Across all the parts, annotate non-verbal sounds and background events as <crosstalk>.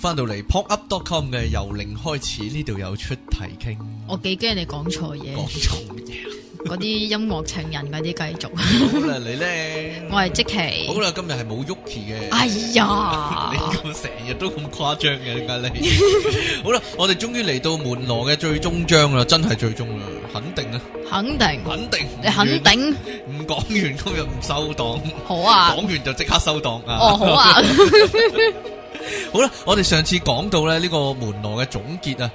翻到嚟 pop up dot com 嘅由零開始，呢度有出題傾，我幾驚你講錯嘢，講錯嘢，嗰啲音樂情人嗰啲繼續。好啦，你咧，我係積奇。好啦，今日係冇 Yuki 嘅。哎呀，你咁成日都咁誇張嘅，點解你？好啦，我哋終於嚟到門羅嘅最終章啦，真係最終啦，肯定啊，肯定，肯定，你肯定唔講完今日唔收檔，好啊，講完就即刻收檔啊，哦，好啊。好啦，我哋上次講到咧呢個門羅嘅總結啊，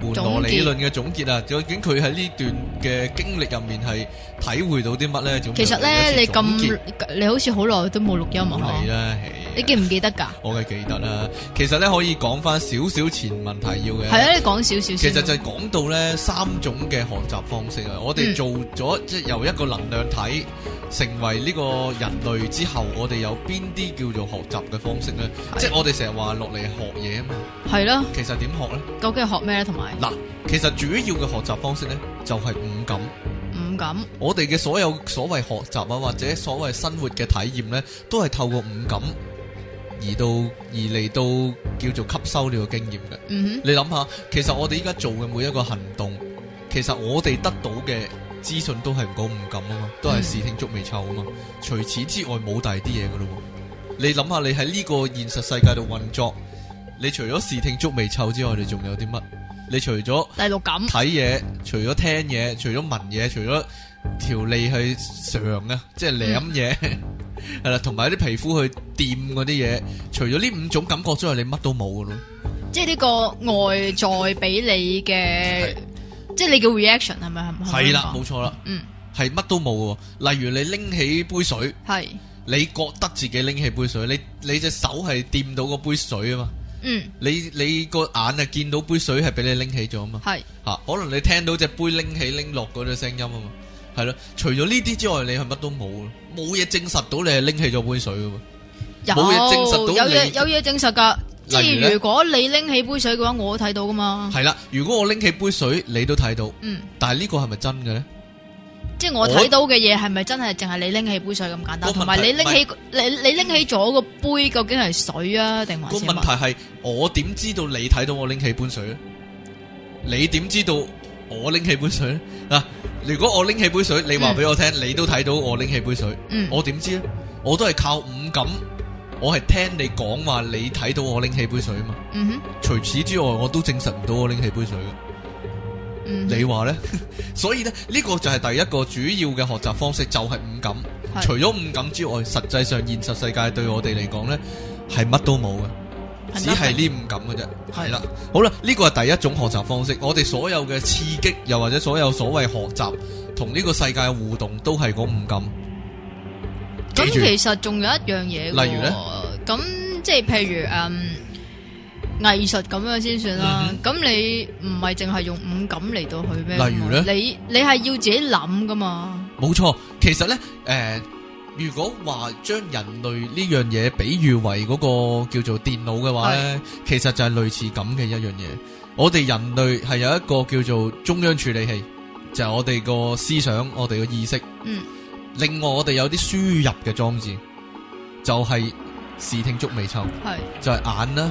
門羅理論嘅總結啊，究竟佢喺呢段嘅經歷入面係體會到啲乜咧？其實咧，你咁你好似好耐都冇錄音係啊。你記唔記得噶？我梗記得啦，其實咧可以講翻少少前問題要嘅係啊，你講少少先其實就係講到咧三種嘅學習方式啊，我哋做咗即係由一個能量體成為呢個人類之後，我哋有邊啲叫做學習嘅方式咧？的即係我哋成日話落嚟學嘢啊嘛，係咯的。其實點學咧？究竟學咩咧？同埋嗱，其實主要嘅學習方式咧就係、是、五感。五感，我哋嘅所有所謂學習啊，或者所謂生活嘅體驗咧，都係透過五感。而到而嚟到叫做吸收呢個經驗嘅，mm hmm. 你諗下，其實我哋依家做嘅每一個行動，其實我哋得到嘅資訊都係唔夠唔敢啊嘛，都係視聽觸味嗅啊嘛。Mm hmm. 除此之外冇第啲嘢噶咯。你諗下，你喺呢個現實世界度運作，你除咗視聽觸味嗅之外，你仲有啲乜？你除咗第六感睇嘢，除咗聽嘢，除咗聞嘢，除咗條脷去嘗啊，即係舐嘢。Mm hmm. <laughs> 係啦，同埋啲皮膚去掂嗰啲嘢，除咗呢五種感覺之外，你乜都冇嘅咯。即係呢個外在俾你嘅， <laughs> 即係你叫 reaction 係咪？係咪？係啦的，冇錯啦。錯。嗯，係乜都冇嘅。例如你拎起杯水，係是你覺得自己拎起杯水，你你隻手係掂到嗰杯水啊嘛。嗯，你你個眼啊見到杯水係俾你拎起咗啊嘛。係吓是、啊，可能你聽到隻杯拎起拎落嗰隻聲音啊嘛。係咯，除咗呢啲之外，你係乜都冇，冇嘢證實到你係拎起咗杯水噶，冇嘢證實到有嘢有嘢證實噶，即係如，如果你拎起杯水嘅話，我都睇到噶嘛。係啦，如果我拎起杯水，你都睇到。嗯，但係呢個係咪真嘅咧？即係我睇到嘅嘢係咪真係淨係你拎起杯水咁簡單？同埋你拎起你你拎起咗個杯，究竟係水啊定還是乜？個問題係我點知道你睇到我拎起杯水咧？你點知道我拎起杯水咧？啊如果我拎起杯水，你話俾我聽，嗯、你都睇到我拎起杯水，嗯、我點知咧？我都係靠五感，我係聽你講話，你睇到我拎起杯水啊嘛。嗯哼，除此之外，我都證實唔到我拎起杯水。嗯、你話說呢？ <laughs> 所以呢，呢、呢個就係第一個主要嘅學習方式，就係、是、五感。是除咗五感之外，實際上現實世界對我哋嚟講呢係乜都冇嘅。只係呢五感嘅啫，係啦的，好啦，呢個係第一種學習方式。我哋所有嘅刺激，又或者所有所謂學習同呢個世界互動，都係嗰五感。咁其實仲有一樣嘢、啊，例如咧，咁即係譬如嗯藝術咁樣先算啦。咁、嗯、你唔係淨係用五感嚟到去咩？例如咧，你你係要自己諗㗎嘛？冇錯，其實咧誒。呃如果話將人類呢樣嘢比喻為嗰個叫做電腦嘅話呢是其實就係類似咁嘅一樣嘢。我哋人類係有一個叫做中央處理器，就係、是、我哋個思想、我哋個意識。嗯。另外，我哋有啲輸入嘅裝置，就係、是、視聽觸味嗅，是就係眼啦、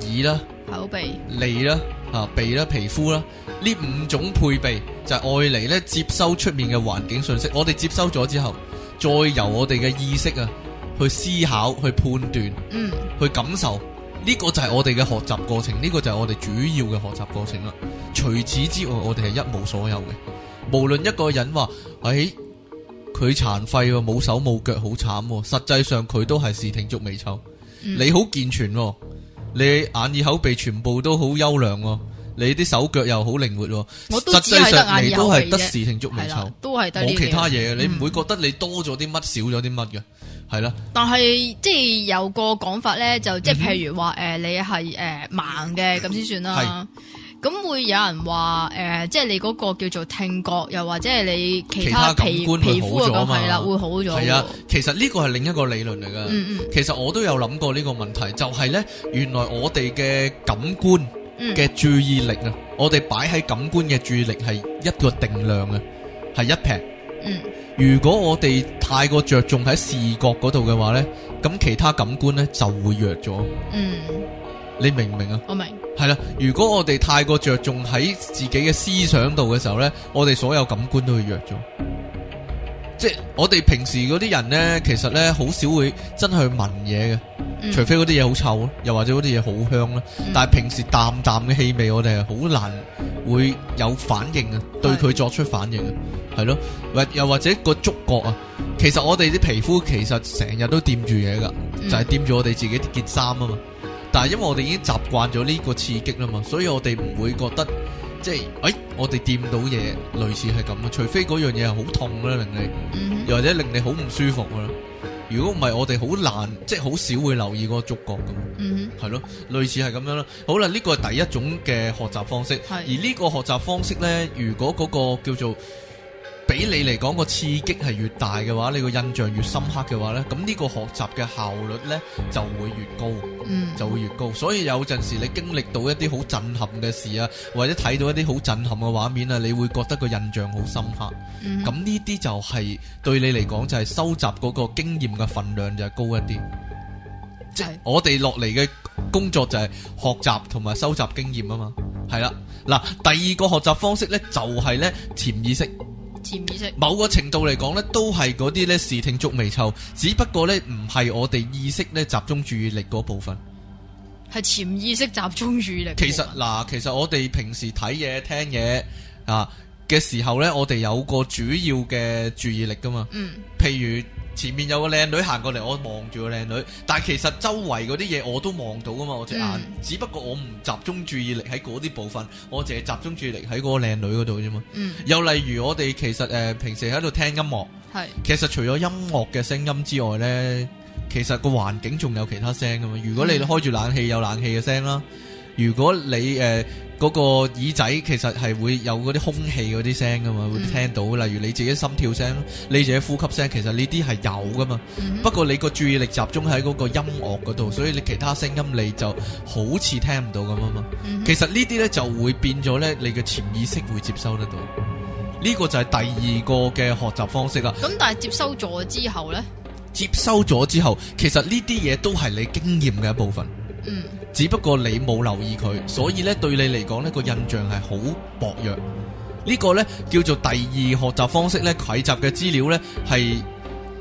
耳啦、口鼻、脷啦、吓鼻啦、皮膚啦，呢五種配備就係愛嚟咧接收出面嘅環境信息。我哋接收咗之後。再由我哋嘅意識啊，去思考、去判斷、嗯、去感受，呢、這個就係我哋嘅學習過程，呢、這個就係我哋主要嘅學習過程啦。除此之外，我哋係一無所有嘅。無論一個人話唉，佢殘廢，冇手冇腳，好慘、哦。實際上佢都係視聽足未臭。嗯、你好健全、哦，你眼耳口鼻全部都好優良、哦。你啲手腳又好靈活喎，實際上你都係得時停足未臭，冇其他嘢你唔會覺得你多咗啲乜，少咗啲乜嘅，係啦。但係即係有個講法咧，就即係譬如話誒，你係誒盲嘅咁先算啦。咁會有人話誒，即係你嗰個叫做聽覺，又或者係你其他感官皮膚係啦，會好咗。係啊，其實呢個係另一個理論嚟㗎。其實我都有諗過呢個問題，就係咧，原來我哋嘅感官。嘅注意力啊，嗯，我哋擺喺感官嘅注意力係一個定量啊，係一平。嗯，如果我哋太過着重喺視覺嗰度嘅話呢，咁其他感官呢就會弱咗。嗯，你明唔明啊？我明。係啦，如果我哋太過着重喺自己嘅思想度嘅時候呢，我哋所有感官都會弱咗。即係我哋平時嗰啲人呢，其實呢，好少會真係去聞嘢嘅。除非嗰啲嘢好臭咯，又或者嗰啲嘢好香啦，但係平時淡淡嘅氣味我哋係好難會有反應嘅，對佢作出反應嘅，係咯，或又或者個觸覺啊，其實我哋啲皮膚其實成日都掂住嘢噶，嗯、就係掂住我哋自己件衫啊嘛，但係因為我哋已經習慣咗呢個刺激啦嘛，所以我哋唔會覺得，即係，哎，我哋掂到嘢類似係咁啊，除非嗰樣嘢係好痛啦令你，嗯、又或者令你好唔舒服噶咯。如果唔係，我哋好難，即係好少會留意嗰個觸覺咁，係咯、嗯哼，類似係咁樣咯。好啦，呢個係第一種嘅學習方式，的而呢個學習方式呢，如果嗰個叫做。俾你嚟講，個刺激係越大嘅話，你個印象越深刻嘅話呢，咁呢個學習嘅效率呢就會越高，嗯、就會越高。所以有陣時你經歷到一啲好震撼嘅事啊，或者睇到一啲好震撼嘅畫面啊，你會覺得個印象好深刻。咁呢啲就係、是、對你嚟講就係收集嗰個經驗嘅分量就高一啲。即係是我哋落嚟嘅工作就係學習同埋收集經驗啊嘛。係啦，嗱，第二個學習方式呢，就係、是、呢潛意識。某個程度嚟講呢都係嗰啲呢視聽捉微嗅，只不過呢唔係我哋意識呢集中注意力嗰部分，係潛意識集中注意力。其實嗱，其實我哋平時睇嘢聽嘢啊嘅時候呢，我哋有個主要嘅注意力噶嘛，嗯，譬如。前面有個靚女行過嚟，我望住個靚女，但係其實周圍嗰啲嘢我都望到㗎嘛，我隻眼，嗯、只不過我唔集中注意力喺嗰啲部分，我淨係集中注意力喺嗰個靚女嗰度啫嘛。嗯，又例如我哋其實誒、呃、平時喺度聽音樂，係是其實除咗音樂嘅聲音之外呢，其實個環境仲有其他聲㗎嘛。如果你開住冷氣，有冷氣嘅聲啦。如果你誒。呃嗰個耳仔其實係會有嗰啲空氣嗰啲聲噶嘛，mm hmm. 會聽到。例如你自己心跳聲，你自己呼吸聲，其實呢啲係有噶嘛。Mm hmm. 不過你個注意力集中喺嗰個音樂嗰度，所以你其他聲音你就好似聽唔到咁啊嘛。Mm hmm. 其實呢啲呢就會變咗呢，你嘅潛意識會接收得到。呢、呢個就係第二個嘅學習方式啊。咁、嗯、但係接收咗之後呢，接收咗之後，其實呢啲嘢都係你經驗嘅一部分。嗯、mm。Hmm. 只不過你冇留意佢，所以咧，對你嚟講，呢個印象係好薄弱。這個、呢個咧叫做第二學習方式咧，蒐集嘅資料咧，係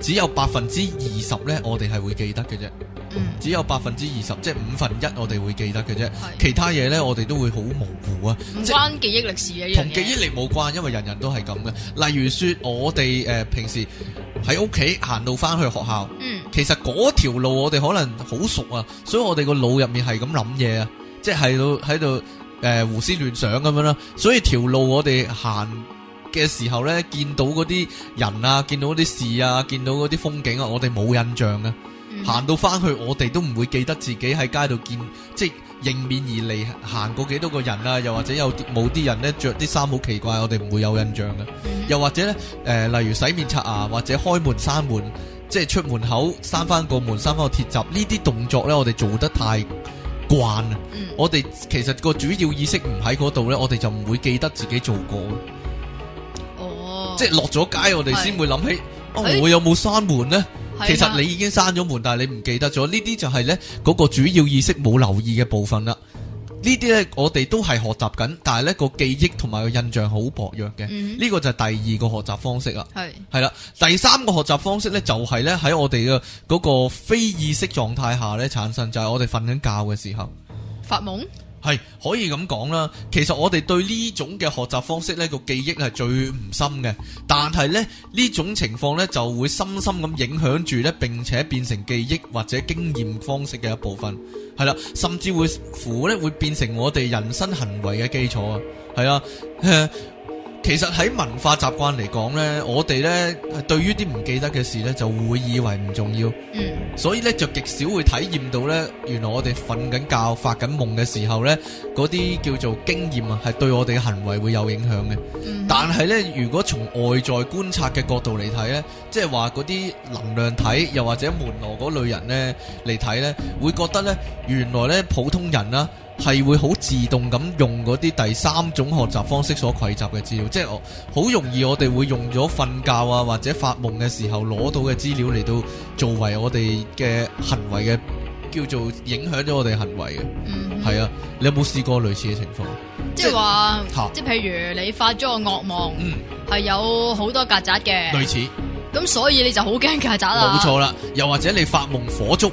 只有百分之二十呢，我哋係會記得嘅啫。嗯、只有百、就是、分之二十，即係五分一，我哋會記得嘅啫。是其他嘢呢，我哋都會好模糊啊。唔關記憶力事嘅一樣嘢。同記憶力冇關，因為人人都係咁嘅。例如說我，我哋誒平時喺屋企行路翻去學校。嗯其實嗰條路我哋可能好熟啊，所以我哋個腦入面係咁諗嘢啊，即係喺度胡思亂想咁樣啦。所以條路我哋行嘅時候呢，見到嗰啲人啊，見到嗰啲事啊，見到嗰啲風景啊，我哋冇印象啊。行到翻去，我哋都唔會記得自己喺街度見，即係迎面而嚟行過幾多個人啊，又或者有冇啲人呢着啲衫好奇怪，我哋唔會有印象嘅。又或者呢，誒、呃、例如洗面刷牙或者開門閂門。即係出門口閂翻個門，閂翻個鐵閘，呢啲動作呢，我哋做得太慣、嗯、我哋其實個主要意識唔喺嗰度呢，我哋就唔會記得自己做過。哦，即係落咗街，我哋先會諗起是、啊，我有冇閂門呢？欸、其實你已經閂咗門，但係你唔記得咗。呢啲、啊、就係呢嗰個主要意識冇留意嘅部分啦。呢啲呢，我哋都係學習緊，但係呢個記憶同埋個印象好薄弱嘅。呢、嗯、個就係第二個學習方式啦。係係啦，第三個學習方式呢，就係呢喺我哋嘅嗰個非意識狀態下呢產生，就係、是、我哋瞓緊覺嘅時候，發夢。係可以咁講啦，其實我哋對呢種嘅學習方式呢個記憶係最唔深嘅，但係呢呢種情況呢就會深深咁影響住呢，並且變成記憶或者經驗方式嘅一部分，係啦，甚至會乎呢會變成我哋人生行為嘅基礎啊，係啊。其實喺文化習慣嚟講呢，我哋呢係對於啲唔記得嘅事呢就會以為唔重要，嗯、所以呢就極少會體驗到呢。原來我哋瞓緊覺、發緊夢嘅時候呢，嗰啲叫做經驗啊，係對我哋嘅行為會有影響嘅。嗯、但係呢，如果從外在觀察嘅角度嚟睇呢，即係話嗰啲能量體又或者門羅嗰類人呢嚟睇呢，會覺得呢，原來呢普通人啦。係會好自動咁用嗰啲第三種學習方式所匯集嘅資料，即係我好容易我哋會用咗瞓覺啊或者發夢嘅時候攞到嘅資料嚟到作為我哋嘅行為嘅叫做影響咗我哋行為嘅，係啊、嗯哼，你有冇試過類似嘅情況？即係話，啊、即係譬如你發咗個惡夢，係、嗯、有好多曱甴嘅，類似咁，所以你就好驚曱甴啦。冇錯啦，又或者你發夢火燭。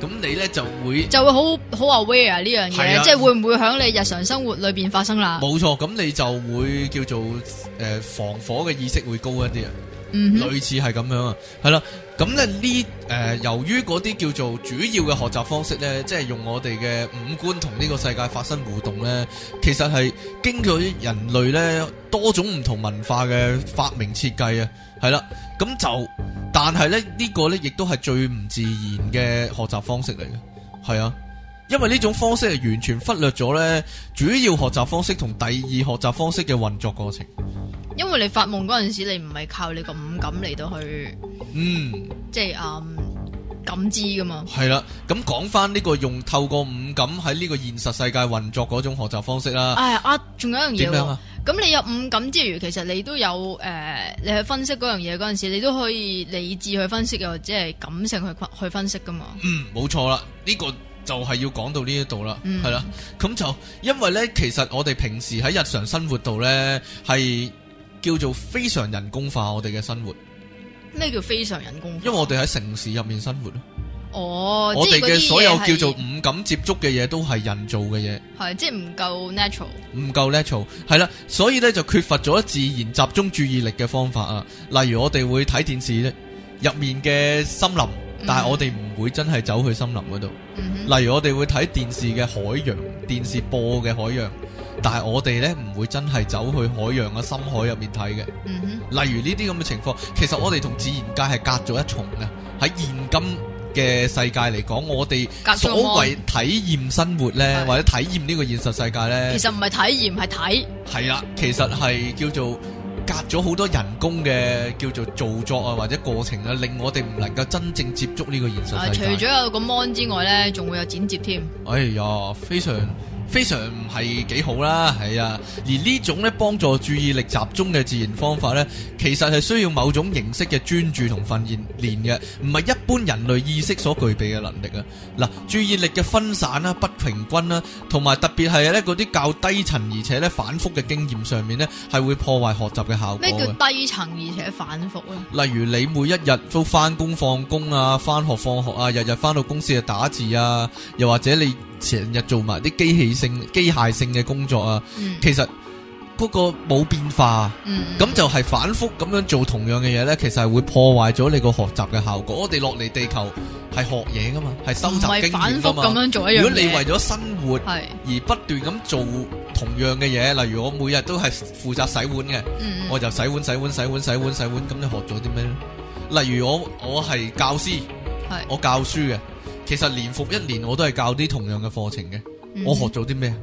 咁你呢就會就會好好話 aware 啊呢樣嘢，啊、即係會唔會喺你日常生活裏邊發生啦？冇錯，咁你就會叫做誒、呃、防火嘅意識會高一啲啊，嗯、哼類似係咁樣啊，係啦。咁咧呢誒、呃，由於嗰啲叫做主要嘅學習方式呢，即係用我哋嘅五官同呢個世界發生互動呢，其實係經過人類呢，多種唔同文化嘅發明設計啊，係啦，咁就。但係咧，呢、呢個呢，亦都係最唔自然嘅學習方式嚟嘅，係啊，因為呢種方式係完全忽略咗呢主要學習方式同第二學習方式嘅運作過程。因為你發夢嗰陣時，你唔係靠你個五感嚟到去，嗯，即係。感知噶嘛？係啦，咁講翻呢個用透過五感喺呢個現實世界運作嗰種學習方式啦。誒、哎，啊，仲有一樣嘢，點樣？咁你有五感之餘，其實你都有誒、呃，你去分析嗰樣嘢嗰陣時，你都可以理智去分析，又或者係感性去去分析噶嘛？嗯，冇錯啦，呢、這個就係要講到呢一度啦，係啦、嗯，咁就因為呢，其實我哋平時喺日常生活度呢，係叫做非常人工化我哋嘅生活。咩叫非常人工？因為我哋喺城市入面生活咯。哦，我哋嘅所有叫做五感接觸嘅嘢，都係人造嘅嘢，係即係唔夠 natural，唔夠 natural 係啦。所以咧就缺乏咗自然集中注意力嘅方法啊。例如我哋會睇電視咧，入面嘅森林，嗯、哼但係我哋唔會真係走去森林嗰度。嗯、哼例如我哋會睇電視嘅海洋，電視播嘅海洋。但係我哋呢唔會真係走去海洋嘅深海入面睇嘅，嗯、哼例如呢啲咁嘅情況，其實我哋同自然界係隔咗一重嘅。喺現今嘅世界嚟講，我哋所謂體驗生活呢，或者體驗呢個現實世界呢，其實唔係體驗係睇，係啦、啊，其實係叫做隔咗好多人工嘅叫做造作啊，或者過程啊，令我哋唔能夠真正接觸呢個現實世界。除咗有個 mon 之外呢，仲會有剪接添。哎呀，非常。非常唔係幾好啦，係啊，而呢種咧幫助注意力集中嘅自然方法咧，其實係需要某種形式嘅專注同訓練練嘅，唔係一般人類意識所具備嘅能力啊。嗱，注意力嘅分散啦、啊、不平均啦、啊，同埋特別係咧嗰啲較低層而且咧反覆嘅經驗上面咧，係會破壞學習嘅效果。咩叫低層而且反覆啊？例如你每一日都翻工放工啊，翻學放學啊，日日翻到公司啊打字啊，又或者你。成日做埋啲機器性、機械性嘅工作啊，嗯、其實嗰、嗰個冇變化，咁、嗯、就係反覆咁樣做同樣嘅嘢呢，其實係會破壞咗你個學習嘅效果。我哋落嚟地球係學嘢噶嘛，係收集經驗噶嘛。如果你為咗生活而不斷咁做同樣嘅嘢，例如我每日都係負責洗碗嘅，嗯、我就洗碗洗碗洗碗洗碗洗碗，咁你學咗啲咩咧？例如我我係教師，嗯、對我教書嘅。其實年復一年，我都係教啲同樣嘅課程嘅。我學咗啲咩？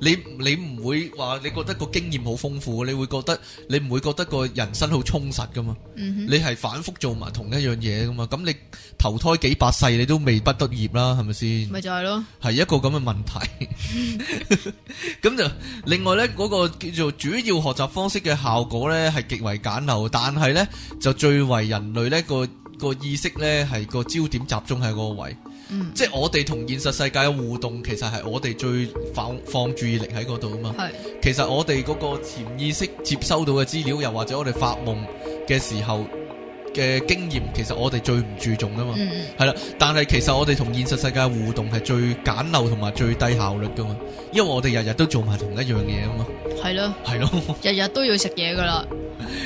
你你唔會話你覺得個經驗好豐富，你會覺得你唔會覺得個人生好充實噶嘛？你係反覆做埋同一樣嘢噶嘛？咁你投胎幾百世，你都未不得業啦，係咪先？咪就係咯，係一個咁嘅問題。咁就另外呢，嗰個叫做主要學習方式嘅效果呢，係極為簡陋，但係呢就最為人類呢個。個意識呢係個焦點集中喺個位，嗯、即係我哋同現實世界嘅互動，其實係我哋最放，放注意力喺嗰度啊嘛。是其實我哋嗰個潛意識接收到嘅資料，又或者我哋發夢嘅時候嘅經驗，其實我哋最唔注重啊嘛。係啦、嗯，但係其實我哋同現實世界互動係最簡陋同埋最低效率噶嘛，因為我哋日日都做埋同一樣嘢啊嘛。係咯，係咯，日日都要食嘢噶啦，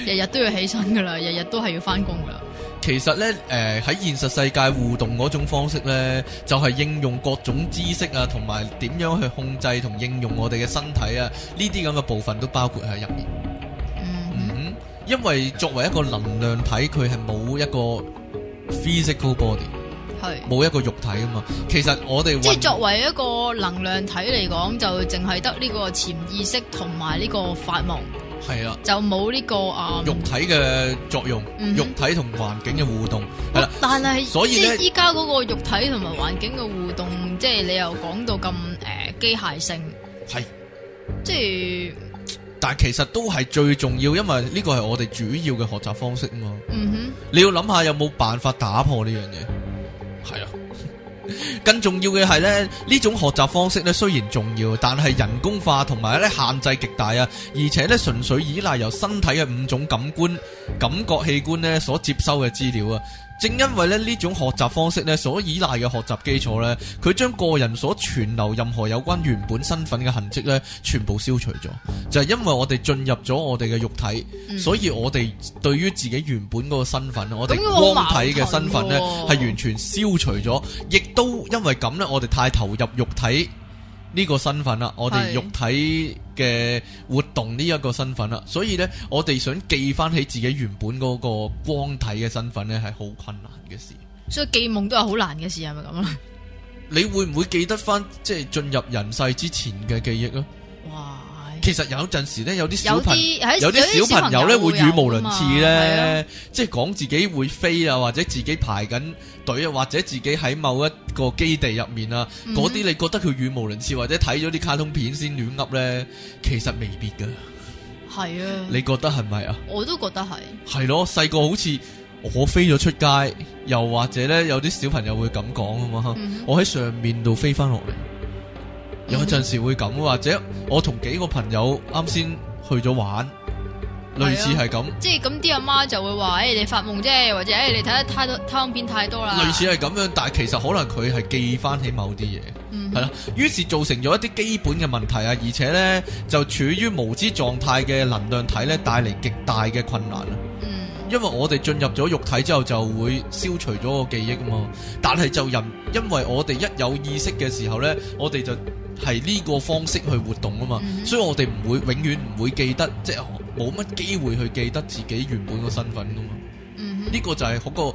日日 <laughs> 都要起身噶啦，日日都係要翻工噶啦。其實咧，誒、呃、喺現實世界互動嗰種方式呢就係、是、應用各種知識啊，同埋點樣去控制同應用我哋嘅身體啊，呢啲咁嘅部分都包括喺入面。嗯,哼嗯，因為作為一個能量體，佢係冇一個 physical body，係冇是一個肉體啊嘛。其實我哋即係作為一個能量體嚟講，就淨係得呢個潛意識同埋呢個發夢。係啦，就冇呢、這個啊，um, 肉體嘅作用，mm hmm. 肉體同環境嘅互動係啦，但係是所以咧、就是，依家個肉體同埋環境嘅互動，即、就、係、是、你又講到咁誒機械性，係是，即係是，但係其實都係最重要，因為呢個係我哋主要嘅學習方式啊嘛。嗯哼、mm，hmm. 你要諗下有冇辦法打破呢樣嘢？係啊。更重要嘅係咧，呢種學習方式咧雖然重要，但係人工化同埋咧限制極大啊，而且咧純粹依賴由身體嘅五種感官感覺器官咧所接收嘅資料啊。正因為咧呢種學習方式咧所依賴嘅學習基礎咧，佢將個人所存留任何有關原本身份嘅痕跡咧，全部消除咗。就係、是、因為我哋進入咗我哋嘅肉體，嗯、哼所以我哋對於自己原本個身份，嗯、哼我哋光體嘅身份咧，係、嗯、哼完全消除咗。亦都因為咁咧，我哋太投入肉體。呢個身份啦，是我哋肉體嘅活動呢一個身份啦，所以呢，我哋想記翻起自己原本嗰個光體嘅身份呢，係好困難嘅事。所以記夢都係好難嘅事，係咪咁啊？ <laughs> 你會唔會記得翻即係進入人世之前嘅記憶啊？其實有陣時咧，有啲小朋友咧會語無倫次咧，的即係講自己會飛啊，或者自己排緊隊啊，或者自己喺某一個基地入面啊，嗰啲，嗯、哼你覺得佢語無倫次，或者睇咗啲卡通片先亂噏咧，其實未必噶係啊的，你覺得係咪啊？我都覺得係。係咯，細個好似我飛咗出街，又或者咧有啲小朋友會咁講啊嘛，嗯、哼我喺上面度飛翻落嚟。 <noise> 有陣時會咁，或者我同幾個朋友啱先去咗玩，類似係咁，即係咁啲阿媽就會話：誒，你發夢啫，或者誒，你睇得太多科幻片太多啦。類似係咁樣，但係其實可能佢係記翻起某啲嘢。係啦，於 <noise> 是，是造成咗一啲基本嘅問題啊，而且咧就處於無知狀態嘅能量體咧，帶嚟極大嘅困難啦。嗯，因為我哋進入咗肉體之後就會消除咗個記憶啊嘛，但係就人因為我哋一有意識嘅時候咧，我哋就。係呢個方式去活動啊嘛，嗯、哼所以我哋唔會永遠唔會記得，即係冇乜機會去記得自己原本個身份噶嘛。嗯哼，呢個就係嗰、嗰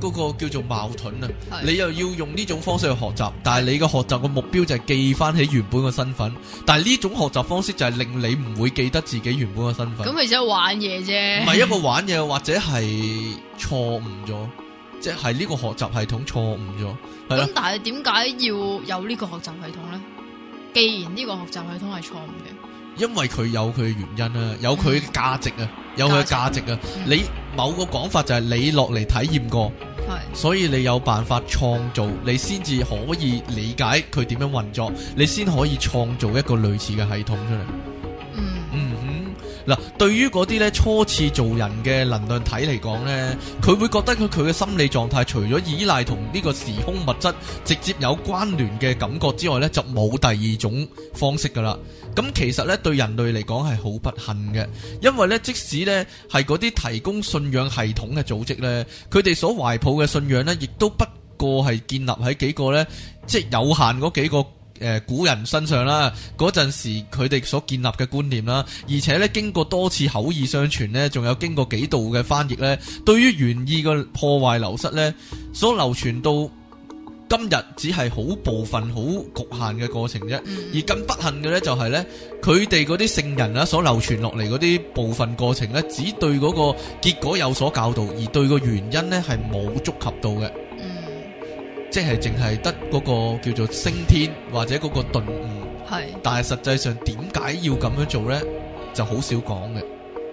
個、嗰個叫做矛盾啊。是你又要用呢種方式去學習，但係你嘅學習個目標就係記翻起原本個身份，但係呢種學習方式就係令你唔會記得自己原本個身份。咁咪即係玩嘢啫，唔係一個玩嘢，或者係錯誤咗，即係呢個學習系統錯誤咗。咁但係點解要有呢個學習系統呢？既然呢個學習系統係錯誤嘅，因為佢有佢嘅原因啊，有佢嘅價值啊，有佢嘅價值啊。值你某個講法就係你落嚟體驗過，係、嗯，所以你有辦法創造，的你先至可以理解佢點樣運作，你先可以創造一個類似嘅系統出嚟。嗱，對於嗰啲咧初次做人嘅能量體嚟講呢，佢會覺得佢佢嘅心理狀態除咗依賴同呢個時空物質直接有關聯嘅感覺之外呢，就冇第二種方式噶啦。咁其實呢，對人類嚟講係好不幸嘅，因為呢，即使呢係嗰啲提供信仰系統嘅組織呢，佢哋所懷抱嘅信仰呢，亦都不過係建立喺幾個呢，即係有限嗰幾個。誒，古人身上啦，嗰陣時佢哋所建立嘅觀念啦，而且咧經過多次口耳相傳咧，仲有經過幾度嘅翻譯呢，對於原意嘅破壞流失呢，所流傳到今日只係好部分好局限嘅過程啫。而更不幸嘅呢，就是，就係呢佢哋嗰啲聖人呀所流傳落嚟嗰啲部分過程呢，只對嗰個結果有所教導，而對個原因呢，係冇觸及到嘅。即係淨係得嗰個叫做升天或者嗰個頓悟，係是。但係實際上點解要咁樣做呢？就好少講嘅。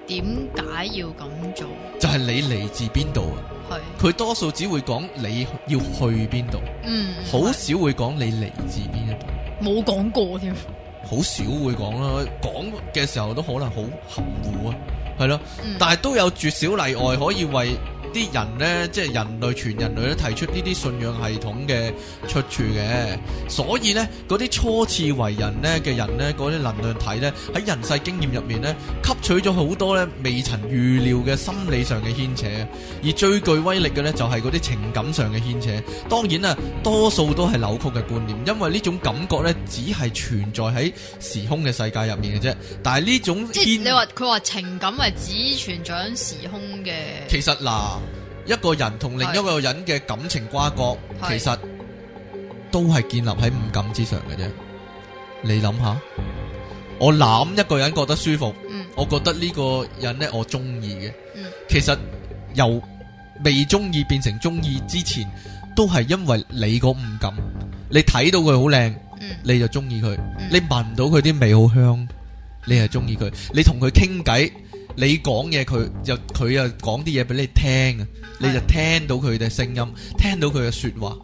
點解要咁做？就係你嚟自邊度啊？係是。佢多數只會講你要去邊度，嗯，好少會講你嚟自邊一度，冇講過添。好少會講啦，講嘅時候都可能好含糊啊，係咯。嗯、但係都有絕少例外可以為。啲人呢，即係人類全人類咧提出呢啲信仰系統嘅出處嘅，所以呢，嗰啲初次為人呢嘅人呢，嗰啲能量體呢，喺人世經驗入面呢，吸取咗好多呢未曾預料嘅心理上嘅牽扯，而最具威力嘅呢，就係嗰啲情感上嘅牽扯。當然啊，多數都係扭曲嘅觀念，因為呢種感覺呢，只係存在喺時空嘅世界入面嘅啫。但係呢種即係你話佢話情感係只存在喺時空嘅，其實嗱。一個人同另一個人嘅感情瓜葛，是其實都係建立喺五感之上嘅啫。你諗下，我攬一個人覺得舒服，嗯、我覺得呢個人呢，我中意嘅。嗯、其實由未中意變成中意之前，都係因為你個五感。你睇到佢好靚，你就中意佢；你聞到佢啲味好香，你就中意佢；你同佢傾偈。你講嘢，佢就佢又講啲嘢俾你聽啊，你就聽到佢嘅聲音，的聽到佢嘅說話。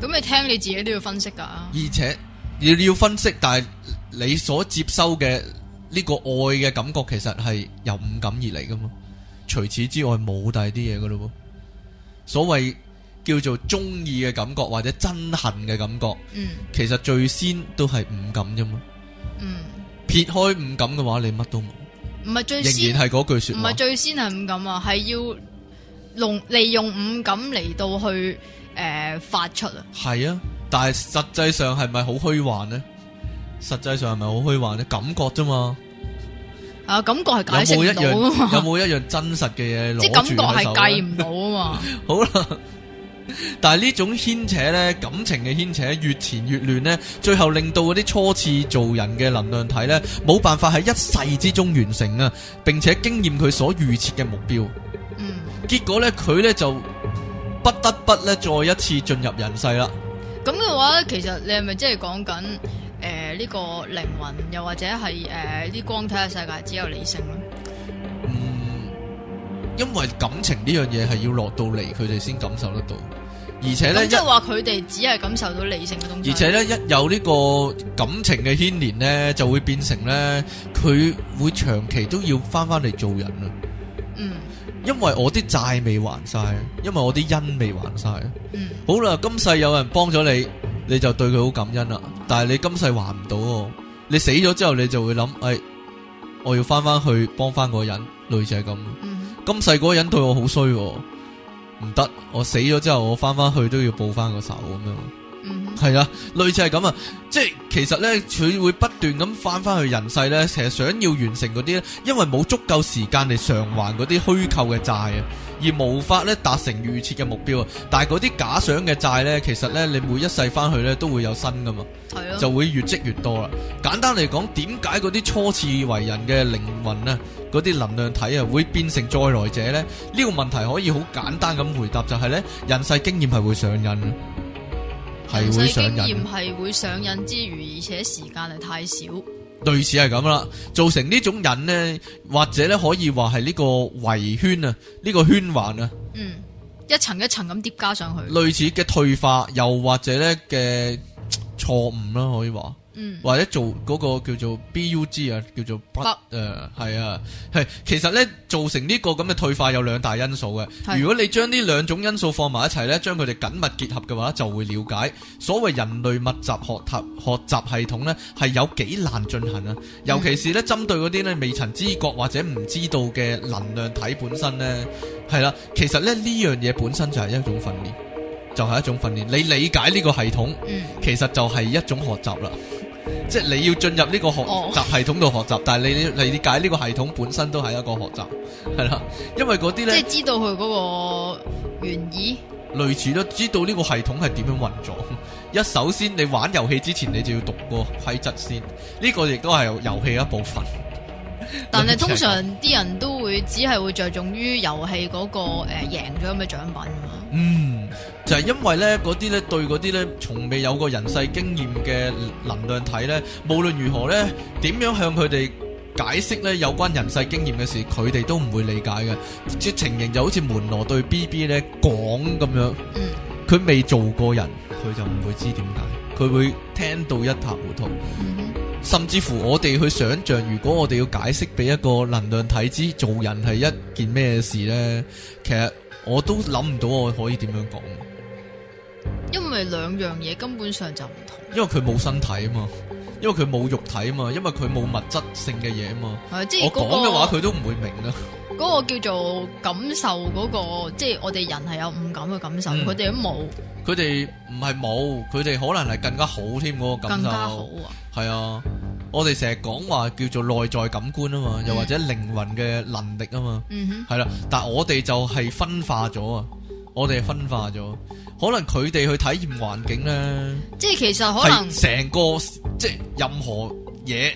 咁你聽你自己都要分析噶，啊。而且你要，要分析，但係你所接收嘅呢個愛嘅感覺，其實係由五感而嚟噶嘛。除此之外，冇第二啲嘢噶咯喎。所謂叫做中意嘅感覺或者憎恨嘅感覺，嗯，其實最先都係五感啫嘛。嗯，撇開五感嘅話你，你乜都冇。最先仍然係嗰句說話，唔係最先係五感啊，係要用利用五感嚟到去誒、呃、發出啊。係啊，但係實際上係咪好虛幻呢？實際上係咪好虛幻咧？感覺啫嘛。啊，感覺係解釋唔到啊嘛。有冇一樣 <laughs> 真實嘅嘢攞住？感覺係計唔到啊嘛。 <laughs> 好啦。但係呢種牽扯咧，感情嘅牽扯越纏越亂咧，最後令到嗰啲初次做人嘅能量體咧，冇辦法喺一世之中完成啊，並且經驗佢所預設嘅目標。嗯，結果呢，佢呢就不得不咧再一次進入人世啦。咁嘅，嗯，話，其實你係咪即係講緊誒呢個靈魂，又或者係誒啲光體嘅世界只有理性咧？因為感情呢樣嘢係要落到嚟，佢哋先感受得到。而且咧，即係話佢哋只係感受到理性嘅東西。而且咧，一有呢個感情嘅牽連咧，就會變成咧，佢會長期都要翻翻嚟做人啊。嗯，因為我啲債未還晒，因為我啲恩未還晒。嗯，好啦，今世有人幫咗你，你就對佢好感恩啦。但係你今世還唔到喎，你死咗之後，你就會諗，誒，我要翻翻去幫翻個人，類似係咁。嗯。今世嗰個人對我好衰喎，唔得，我死咗之後，我翻返去都要報翻個仇咁樣。係啊，類似係咁啊，即係其實呢，佢會不斷咁翻翻去人世呢，其實想要完成嗰啲，因為冇足夠時間嚟償還嗰啲虛構嘅債啊，而無法咧達成預設嘅目標啊。但係嗰啲假想嘅債呢，其實呢，你每一世翻去呢，都會有新噶嘛，啊、就會越積越多啦。簡單嚟講，點解嗰啲初次為人嘅靈魂咧，嗰啲能量體啊會變成再來者呢？呢、這個問題可以好簡單咁回答，就係、是、呢，人世經驗係會上癮。係會上癮，係會上癮之餘，而且時間係太少。類似係咁啦，造成呢種癮呢，或者咧可以話係呢個圍圈啊，呢個圈環啊，嗯，一層一層咁疊加上去。類似嘅退化，又或者咧嘅錯誤啦，可以話。或者做嗰個叫做 B.U.G. 啊，叫做 BUG，誒係啊，係 But,、呃啊、其實呢，造成呢個咁嘅退化有兩大因素嘅。的如果你將呢兩種因素放埋一齊呢，將佢哋緊密結合嘅話，就會了解所謂人類密集學習學習系統呢，係有幾難進行啊。尤其是呢，針 <laughs> 對嗰啲呢未曾知覺或者唔知道嘅能量體本身呢，係啦、啊，其實呢，呢樣嘢本身就係一種訓練，就係、是、一種訓練。你理解呢個系統， <laughs> 其實就係一種學習啦。即係你要進入呢個學習系統度學習，oh. 但係你你理解呢個系統本身都係一個學習，係啦，因為嗰啲呢，即係知道佢嗰、嗰個原意，類似都知道呢個系統係點樣運作。 <laughs> 一首先，你玩遊戲之前，你就要讀過規則先，呢、呢個亦都係遊戲一部分。但係通常啲人都會只係會着重於遊戲嗰個誒贏咗咁嘅獎品啊，嗯，就係、是、因為咧嗰啲咧對嗰啲咧從未有過人世經驗嘅能量體咧，無論如何咧，點樣向佢哋解釋咧有關人世經驗嘅事，佢哋都唔會理解嘅，即情形就好似門羅對 B B 咧講咁樣，佢未、嗯、做過人，佢就唔會知點解，佢會聽到一塌糊塗。嗯。甚至乎我哋去想象，如果我哋要解釋俾一個能量體知做人係一件咩事呢？其實我都諗唔到我可以點樣講。因為兩樣嘢根本上就唔同。因為佢冇身體啊嘛，因為佢冇肉體啊嘛，因為佢冇物質性嘅嘢啊嘛，我講嘅話佢、那個、都唔會明啊。嗰個叫做感受，嗰個即係我哋人係有五感嘅感受，佢哋都冇。佢哋唔係冇，佢哋可能係更加好添嗰個感受。更加好啊！係啊，我哋成日講話叫做內在感官啊嘛，又或者靈魂嘅能力啊嘛，嗯哼，係啦。但係我哋就係分化咗啊，我哋係分化咗。可能佢哋去體驗環境咧，即係其實可能成個即係任何嘢，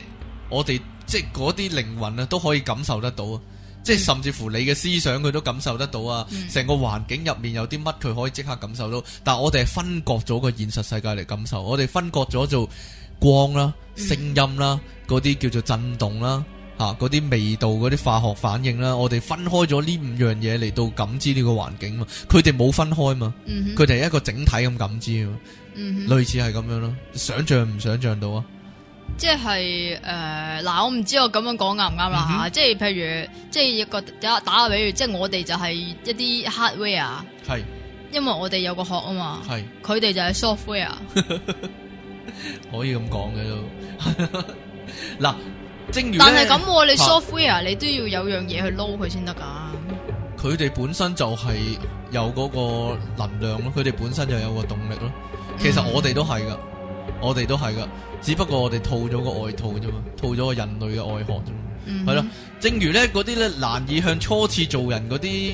我哋即係嗰啲靈魂咧都可以感受得到啊。即係甚至乎你嘅思想，佢都感受得到啊！成、嗯、個環境入面有啲乜，佢可以即刻感受到。但係我哋係分割咗個現實世界嚟感受，我哋分割咗做光啦、聲、嗯、音啦、嗰啲叫做震動啦、嚇嗰啲味道、嗰啲化學反應啦，我哋分開咗呢五樣嘢嚟到感知呢個環境嘛。佢哋冇分開嘛，佢哋、嗯、哼係一個整體咁感知啊，嗯、哼類似係咁樣咯。想象唔想象到啊？即係誒，嗱、呃，我唔知我咁樣講啱唔啱啦吓。即係、嗯、哼譬如，即係一個打打下比喻，即係我哋就係一啲 hardware，係是，因為我哋有個殼啊嘛，係是，佢哋就係 software， <laughs> 可以咁講嘅都。嗱， <laughs> 正如但係咁，你 software、啊、你都要有樣嘢去撈佢先得噶。佢哋本身就係有嗰個能量咯，佢哋本身就有個動力咯。其實我哋都係噶。嗯我哋都係噶，只不過我哋套咗個外套啫嘛，套咗個人類嘅外殼啫嘛，係咯，mm-hmm。正如咧嗰啲咧難以向初次做人嗰啲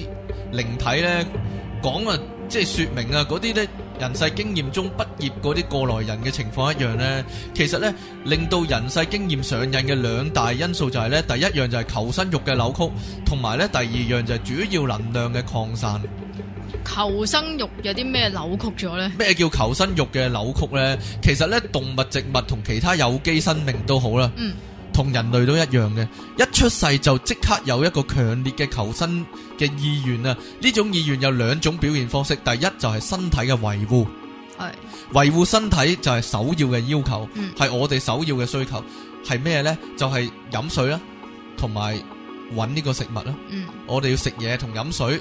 靈體咧講說啊，即係說明啊嗰啲咧。人世經驗中畢業嗰啲過來人嘅情況一樣呢，其實呢令到人世經驗上癮嘅兩大因素就係呢，第一樣就係求生慾嘅扭曲，同埋呢第二樣就係主要能量嘅擴散。求生慾有啲咩扭曲咗呢？咩叫求生慾嘅扭曲呢？其實呢，動物、植物同其他有機生命都好啦。嗯。同人類都一樣嘅，一出世就即刻有一個強烈嘅求生嘅意願啊！呢種意願有兩種表現方式，第一就係身體嘅維護，係維護身體就係首要嘅要求，係、嗯、我哋首要嘅需求係咩呢？就係、是、飲水啦、啊，同埋揾呢個食物啦、啊。嗯、我哋要食嘢同飲水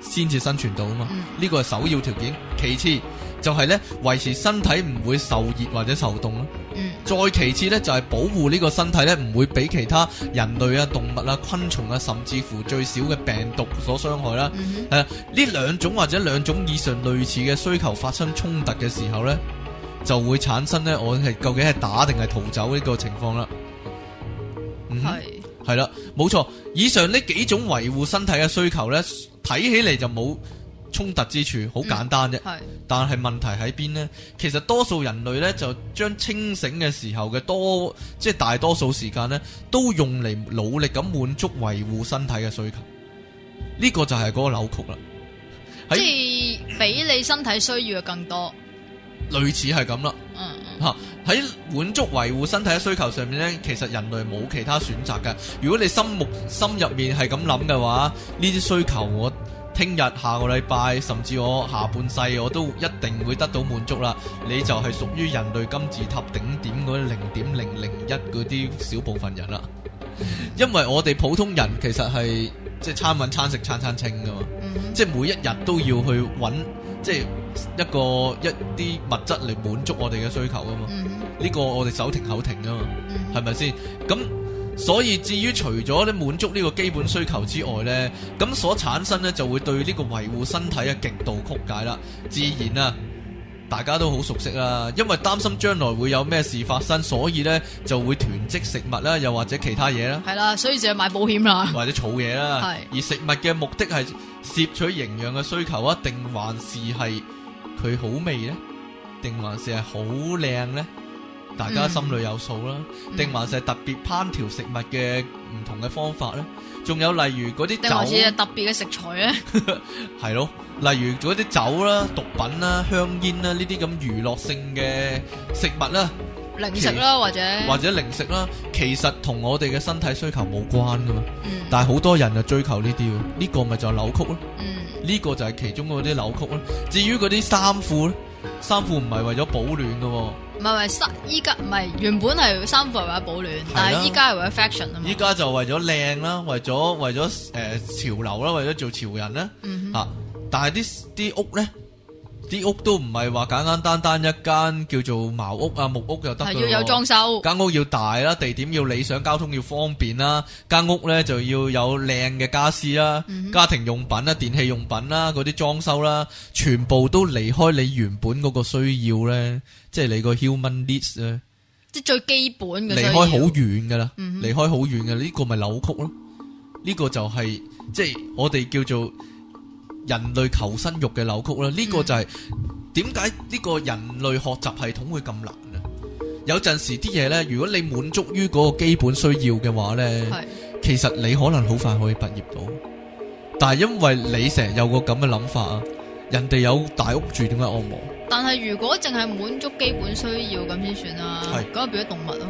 先至生存到啊嘛。呢個係首要條件，其次就係呢，維持身體唔會受熱或者受凍啦、啊。再其次咧，就係、是、保護呢個身體咧，唔會俾其他人類啊、動物啊、昆蟲啊，甚至乎最小嘅病毒所傷害啦。誒、mm，呢、hmm. 啊、兩種或者兩種以上類似嘅需求發生衝突嘅時候咧，就會產生咧，我係究竟係打定係逃走呢個情況啦。係係啦，冇錯。以上呢幾種維護身體嘅需求咧，睇起嚟就冇。衝突之處好簡單啫，嗯、但係問題喺邊呢？其實多數人類呢，就將清醒嘅時候嘅多，即係大多數時間呢，都用嚟努力咁滿足維護身體嘅需求。呢個就係嗰個扭曲啦。即係俾你身體需要嘅更多，類似係咁啦。嗯，吓喺滿足維護身體嘅需求上面呢，其實人類冇其他選擇噶。如果你心目心入面係咁諗嘅話，呢啲需求我。聽日、下個禮拜，甚至我下半世，我都一定會得到滿足啦！你就係屬於人類金字塔頂點嗰啲零點零零一嗰啲小部分人啦，因為我哋普通人其實係即係餐揾餐食餐餐清噶嘛，mm hmm. 即係每一日都要去揾即係一個一啲物質嚟滿足我哋嘅需求噶嘛，呢、mm hmm. 個我哋手停口停噶嘛，係咪先？咁、hmm.。所以至於除咗咧滿足呢個基本需求之外呢，咁所產生呢就會對呢個維護身體嘅極度曲解啦。自然啊，大家都好熟悉啦、啊，因為擔心將來會有咩事發生，所以呢就會囤積食物啦、啊，又或者其他嘢啦、啊。係啦，所以就去買保險啦，或者儲嘢啦。是而食物嘅目的係攝取營養嘅需求啊，定還是係佢好味呢？定還是係好靚呢？大家心裏有數啦，定、嗯、還是係特別烹調食物嘅唔同嘅方法咧？仲有例如嗰啲特別嘅食材咧，係咯， <laughs> 例如做一啲酒啦、毒品啦、香煙啦呢啲咁娛樂性嘅食物啦，零食啦其或者或者零食啦，其實同我哋嘅身體需求冇關噶嘛，嗯、但係好多人就追求呢啲，呢、呢個咪就係扭曲咯，呢、嗯、個就係其中嗰啲扭曲咯。至於嗰啲衫褲咧，衫褲唔係為咗保暖噶喎。唔係唔係，依家唔係，原本係衫褲為咗保暖，啊、但係依家係為咗 fashion 啊嘛。依家就為咗靚啦，為咗為咗誒、呃、潮流啦，為咗做潮人啦。嚇、嗯哼啊！但係啲啲屋咧。啲屋都唔係話簡簡單單一間叫做茅屋啊、木屋就得嘅咯，係要有裝修，間屋要大啦，地點要理想，交通要方便啦，間屋咧就要有靚嘅家私啦，家庭用品啦，電器用品啦，嗰啲裝修啦，全部都離開你原本嗰個需要咧，即係你個 human needs 咧，即係最基本嘅，離開好遠噶啦，離開好遠嘅呢個咪扭曲咯，呢個就係即係我哋叫做。人類求生欲嘅扭曲啦，呢個就係點解呢個人類學習系統會咁難呢？有陣時啲嘢呢，如果你滿足於嗰個基本需要嘅話呢，其實你可能好快可以畢業到。但係因為你成日有個咁嘅諗法，人哋有大屋住，點解我冇？但係如果淨係滿足基本需要咁先算啦，咁變咗動物咯？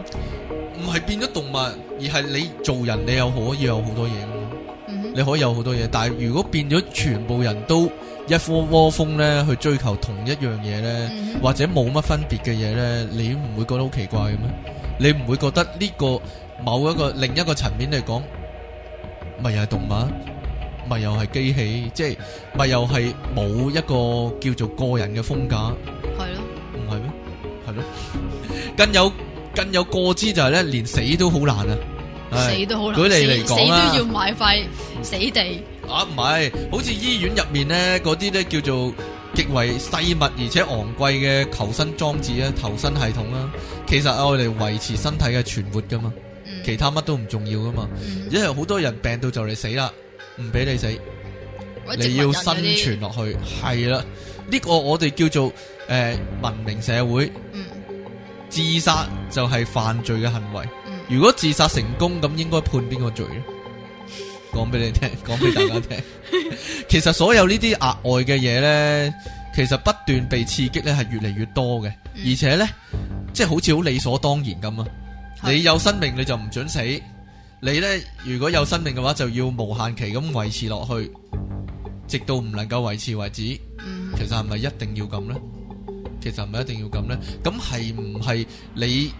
唔係變咗動物，而係你做人，你又可以有好多嘢。你可以有好多嘢，但係如果變咗全部人都一窩窩蜂咧去追求同一樣嘢咧，或者冇乜分別嘅嘢咧，你唔會覺得好奇怪嘅咩？你唔會覺得呢個某一個另一個層面嚟講，咪又係動物，咪又係機器，即係咪又係冇一個叫做個人嘅風格？係咯，唔係咩？係咯，更有更有過之就係咧，連死都好難啊！是死都好難，舉例嚟講死都要買塊死地。啊，唔係，好似醫院入面呢嗰啲呢叫做極為細密而且昂貴嘅求生裝置啊，求生系統啦、啊，其實、啊、我哋維持身體嘅存活噶嘛，嗯、其他乜都唔重要噶嘛。嗯、因為好多人病到就嚟死啦，唔俾你死，你要生存落去係啦。呢、這個我哋叫做誒、呃、文明社會，嗯、自殺就係犯罪嘅行為。如果自殺成功咁，應該判邊個罪咧？講俾你聽，講俾大家聽。 <laughs> 其實所有呢啲額外嘅嘢呢，其實不斷被刺激咧，係越嚟越多嘅。而且呢，即係好似好理所當然咁啊！你有生命你就唔准死，你呢，如果有生命嘅話就要無限期咁維持落去，直到唔能夠維持為止。其實係咪一定要咁呢？其實係咪一定要咁呢？咁係唔係你？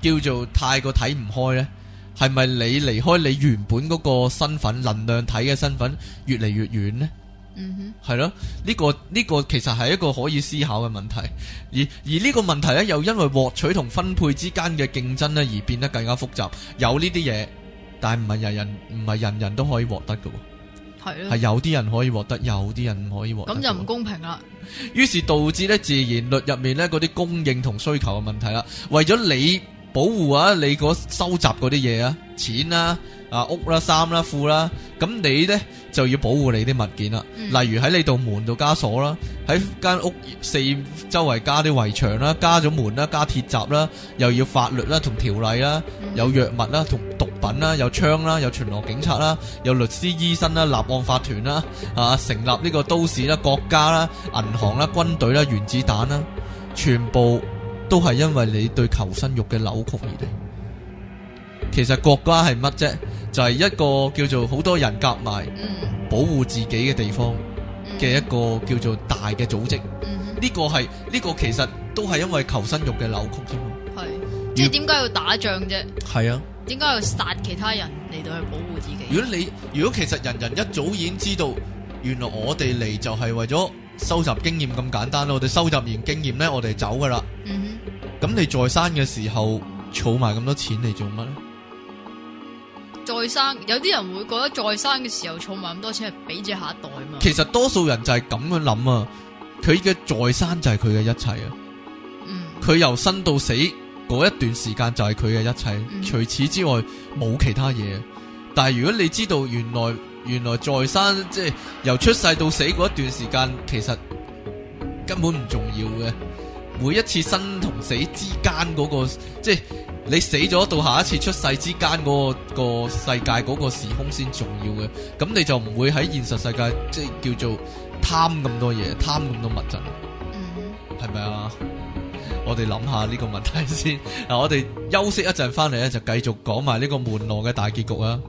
叫做太過睇唔開咧，係咪你離開你原本嗰個身份能量體嘅身份越嚟越遠咧？嗯哼，係咯，呢個呢個其實係一個可以思考嘅問題，而而呢個問題咧又因為獲取同分配之間嘅競爭咧而變得更加複雜。有呢啲嘢，但係唔係人人唔係人人都可以獲得嘅，係啦、嗯哼，係有啲人可以獲得，有啲人唔可以獲得，咁就唔公平啦。於是導致咧自然律入面咧嗰啲供應同需求嘅問題啦，為咗你。保護啊！你嗰收集嗰啲嘢啊，錢啦、啊，啊屋啦、啊，衫啦、啊，褲啦、啊，咁你呢，就要保護你啲物件、嗯、啦。例如喺你度門度加鎖啦，喺間屋四周圍加啲圍牆啦，加咗門啦、啊，加鐵閘啦，又要法律啦同條例啦，有藥物啦、啊、同毒品啦、啊，有槍啦、啊，有巡邏警察啦、啊，有律師、醫生啦、啊，立案法團啦、啊，啊，成立呢個都市啦、啊、國家啦、啊、銀行啦、啊、軍隊啦、啊、原子彈啦、啊，全部。都係因為你對求生欲嘅扭曲而嚟。其實國家係乜啫？就係一個叫做好多人夾埋，保護自己嘅地方嘅一個叫做大嘅組織。呢個係呢個其實都係因為求生欲嘅扭曲啫。係，即係點解要打仗啫？係而啊，點解要殺其他人嚟到去保護自己？如果你如果其實人人一早已經知道，原來我哋嚟就係為咗收集經驗咁簡單咯。我哋收集完經驗呢，我哋走噶啦。嗯，咁、mm hmm. 你在生嘅時候儲埋咁多錢嚟做乜咧？在生有啲人會覺得在生嘅時候儲埋咁多錢係俾住下一代啊嘛。其實多數人就係咁樣諗啊，佢嘅在生就係佢嘅一切啊。佢、mm hmm. 由生到死嗰一段時間就係佢嘅一切，mm hmm. 除此之外冇其他嘢。但係如果你知道原來原來在生即係、就是、由出世到死嗰一段時間，mm hmm. 其實根本唔重要嘅。每一次生同死之間嗰個，即係你死咗到下一次出世之間嗰個、嗰個世界嗰個時空先重要嘅，咁你就唔會喺現實世界即係叫做貪咁多嘢，貪咁多物質，嗯，係咪啊？我哋諗下呢個問題先。嗱， <laughs> 我哋休息一陣翻嚟咧，就繼續講埋呢個門羅嘅大結局啊！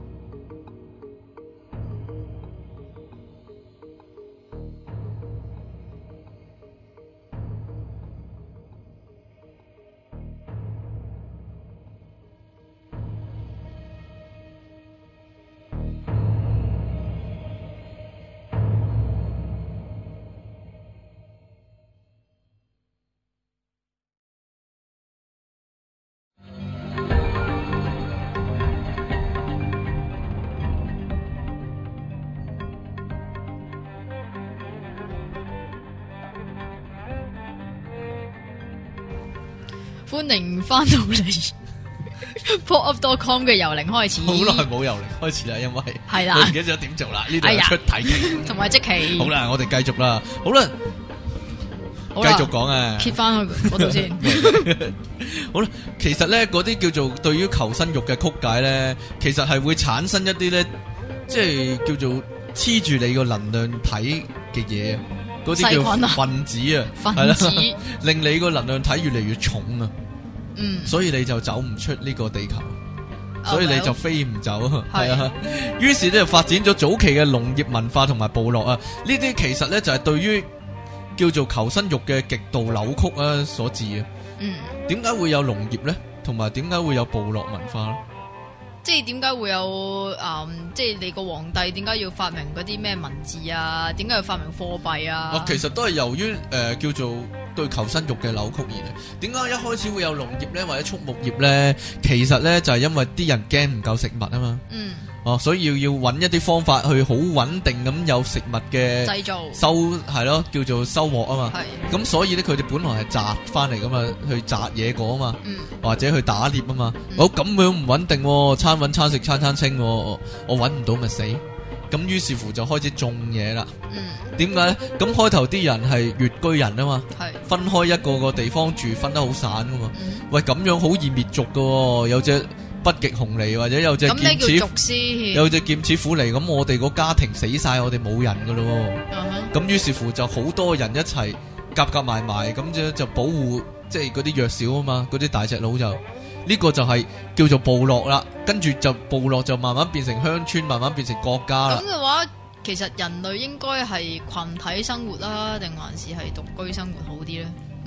歡迎翻到嚟。 <laughs> <laughs> popup.com 嘅由零開始，好耐冇由零開始啦，因為係啦的，唔記得咗點做啦？呢度出題，同埋即期。好啦，我哋繼續啦，好啦，繼續講啊。Keep 返去嗰度先。 <laughs> <laughs> 好啦，其實咧，嗰啲叫做對於求生欲嘅曲解咧，其實係會產生一啲咧，即係叫做黐住你個能量體嘅嘢，嗰啲叫分子啊，分子令你個能量體越嚟越重啊。嗯、所以你就走唔出呢個地球，所以你就飛唔走，係、嗯嗯、 <laughs> 啊。於是咧 <laughs> 就發展咗早期嘅農業文化同埋部落啊，呢啲其實咧就係對於叫做求生欲嘅極度扭曲啊，所致啊。嗯，點解會有農業咧？同埋點解會有部落文化咧？即係點解會有誒、嗯？即係你個皇帝點解要發明嗰啲咩文字啊？點解要發明貨幣啊？啊，其實都係由於誒、呃、叫做對求生欲嘅扭曲而嚟。點解一開始會有農業咧，或者畜牧業咧？其實咧就係、是、因為啲人驚唔夠食物啊嘛。嗯。哦，所以要要揾一啲方法去好穩定咁有食物嘅製造收係咯，叫做收穫啊嘛。係咁，所以呢，佢哋本來係摘翻嚟噶嘛，去摘野果啊嘛，或者去打獵啊嘛。哦，咁樣唔穩定，餐揾餐食，餐餐清，我揾唔到咪死。咁於是乎就開始種嘢啦。嗯，點解咧？咁開頭啲人係穴居人啊嘛，分開一個個地方住，分得好散噶嘛。喂，咁樣好易滅族噶，有隻。北極熊嚟，或者有隻劍齒有隻劍齒虎嚟，咁我哋個家庭死晒，我哋冇人噶咯。咁於、uh huh. 是乎，就好多人一齊夾夾埋埋，咁樣就保護即係嗰啲弱小啊嘛。嗰啲大隻佬就呢、這個就係叫做部落啦。跟住就部落就慢慢變成鄉村，慢慢變成國家啦。咁嘅話，其實人類應該係群體生活啦，定還是係獨居生活好啲咧？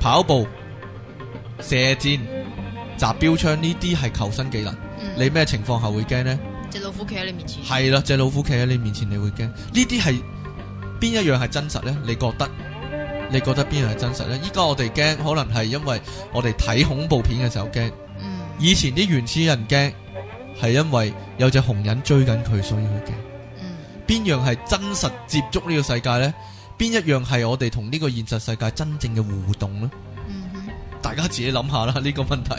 跑步、射箭、砸標槍呢啲係求生技能。嗯、你咩情況下會驚呢？隻老虎企喺你面前。係啦，隻老虎企喺你面前你會驚。呢啲係邊一樣係真實呢？你覺得你覺得邊樣係真實呢？依家、嗯、我哋驚可能係因為我哋睇恐怖片嘅時候驚。嗯、以前啲原始人驚係因為有隻紅人追緊佢所以佢驚。邊、嗯、樣係真實接觸呢個世界呢？邊一樣係我哋同呢個現實世界真正嘅互動咧？嗯哼，大家自己諗下啦，呢個問題。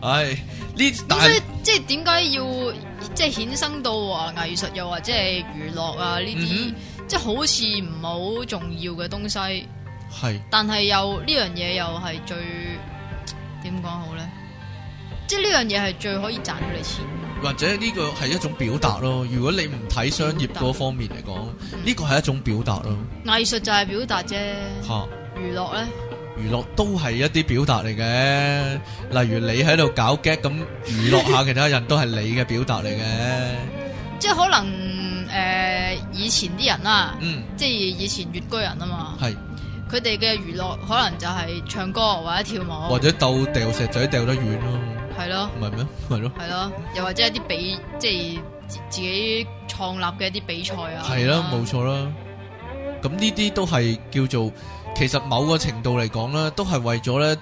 唉，呢，所以即係點解要即係衍生到話藝術又或者係娛樂啊呢啲，嗯哼，即係好似唔係好重要嘅東西。係，但係又，樣又呢樣嘢又係最點講好咧？即係呢樣嘢係最可以賺到你錢，或者呢個係一種表達咯。如果你唔睇商業嗰方面嚟講，呢個係一種表達咯。藝術就係表達啫，吓娛樂咧，娛樂都係一啲表達嚟嘅。例如你喺度搞 gag 咁娛樂下，其他人都係你嘅表達嚟嘅。 <laughs> 即係可能誒、呃，以前啲人啦、啊，嗯，即係以前粵居人啊嘛，係佢哋嘅娛樂可能就係唱歌或者跳舞，或者鬥掉石仔掉得遠咯。係咯，唔係咩？係咯，係咯，又或者一啲比，即係自己創立嘅一啲比賽啊。係啦，冇錯啦。咁呢啲都係叫做，其實某個程度嚟講咧，都係為咗咧，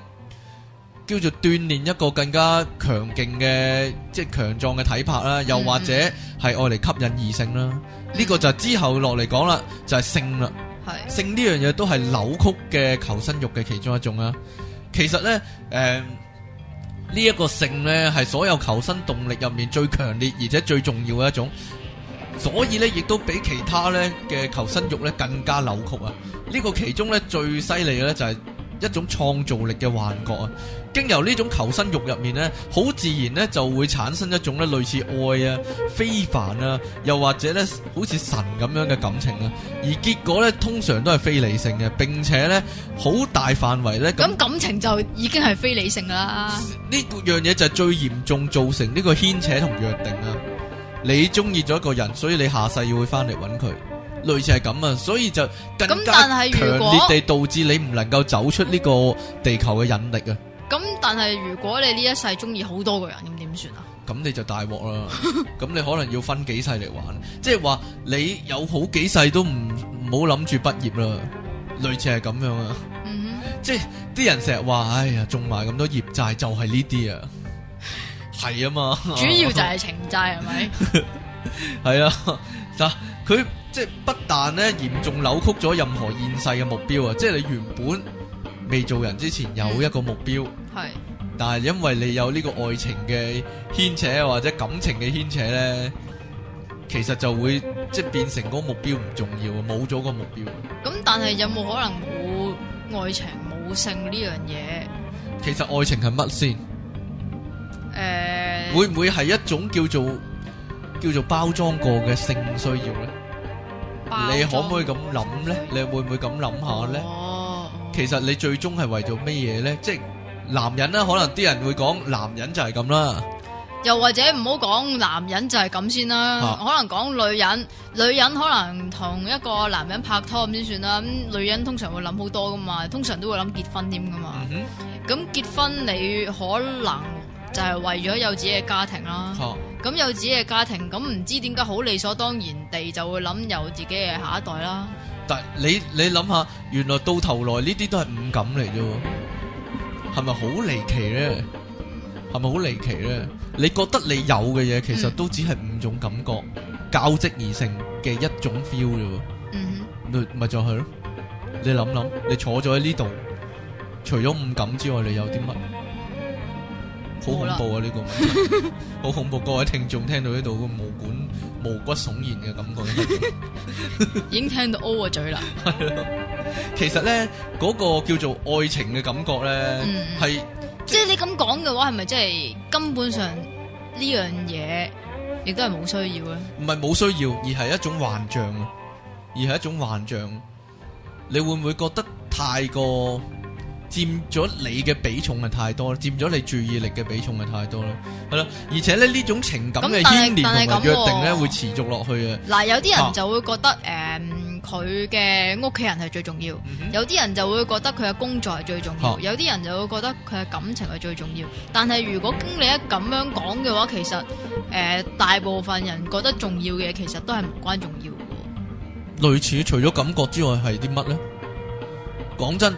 叫做鍛煉一個更加強勁嘅，即係強壯嘅體魄啦。又或者係愛嚟吸引異性啦。呢個就之後落嚟講啦，就係性啦。係性呢樣嘢都係扭曲嘅求生慾嘅其中一種啊。其實咧，誒。呢一個性呢，係所有求生動力入面最強烈而且最重要嘅一種，所以呢，亦都比其他呢嘅求生慾呢更加扭曲啊！呢、呢個其中呢、就係，最犀利嘅呢，就係。一種創造力嘅幻覺啊，經由呢種求生慾入面呢，好自然咧就會產生一種咧類似愛啊、非凡啊，又或者咧好似神咁樣嘅感情啊，而結果呢，通常都係非理性嘅，並且呢，好大範圍咧。咁感情就已經係非理性啦。呢樣嘢就係最嚴重造成呢個牽扯同約定啊！你中意咗一個人，所以你下世要會翻嚟揾佢。類似係咁啊，所以就更加強烈地導致你唔能夠走出呢個地球嘅引力啊！咁但係如果你呢一世中意好多個人，咁點算啊？咁你就大鑊啦！咁你可能要分幾世嚟玩，即係話你有好幾世都唔好諗住畢業啦。類似係咁樣啊！嗯哼。即係啲人成日話：哎呀，種埋咁多業債就係呢啲啊，係啊嘛！主要就係情債係咪？係啊，嗱，佢。即係不但咧，嚴重扭曲咗任何現世嘅目標啊！即係你原本未做人之前有一個目標，係，但係因為你有呢個愛情嘅牽扯或者感情嘅牽扯咧，其實就會即係變成個目標唔重要啊，冇咗個目標。咁但係有冇可能冇愛情冇性呢樣嘢？其實愛情係乜先？誒，會唔會係一種叫做叫做包裝過嘅性需要咧？你可唔可以咁諗呢？你會唔會咁諗下呢？哦，其實你最終係為咗咩嘢呢？即係男人呢，可能啲人會講男人就係咁啦。又或者唔好講男人就係咁先啦，可能講女人，女人可能同一個男人拍拖咁先算啦。咁女人通常會諗好多噶嘛，通常都會諗結婚添噶嘛。咁結婚你可能。就係為咗有自己嘅家庭啦，咁有自己嘅家庭，咁唔知點解好理所當然地就會諗有自己嘅下一代啦。但你你諗下，原來到頭來呢啲都係五感嚟啫，係咪好離奇咧？係咪好離奇咧？你覺得你有嘅嘢，其實都只係五種感覺交織而成嘅一種 feel 啫。嗯哼，咪就係咯。你諗諗，你坐咗喺呢度，除咗五感之外，你有啲乜？ <music> 好恐怖啊！呢、這個問題 <laughs> 好恐怖，各位聽眾聽到呢度個毛管毛骨悚然嘅感覺， <laughs> <laughs> 已經聽到 o 嘅嘴啦。係咯，其實咧嗰、那個叫做愛情嘅感覺咧，係、嗯、是即係即你咁講嘅話，係咪即係根本上呢、嗯、樣嘢亦都係冇需要咧？唔係冇需要，而係一種幻象，而係一種幻象。你會唔會覺得太過？佔咗你嘅比重係太多啦，佔咗你注意力嘅比重係太多啦，係啦，而且咧呢種情感嘅牽連同埋約定咧會持續落去嘅。嗱、啊啊，有啲人就會覺得誒，佢嘅屋企人係最重要；嗯、哼有啲人就會覺得佢嘅工作係最重要；啊、有啲人就會覺得佢嘅感情係最重要。但係如果經你一咁樣講嘅話，其實誒、呃、大部分人覺得重要嘅嘢其實都係無關重要嘅。類似除咗感覺之外係啲乜呢？講真。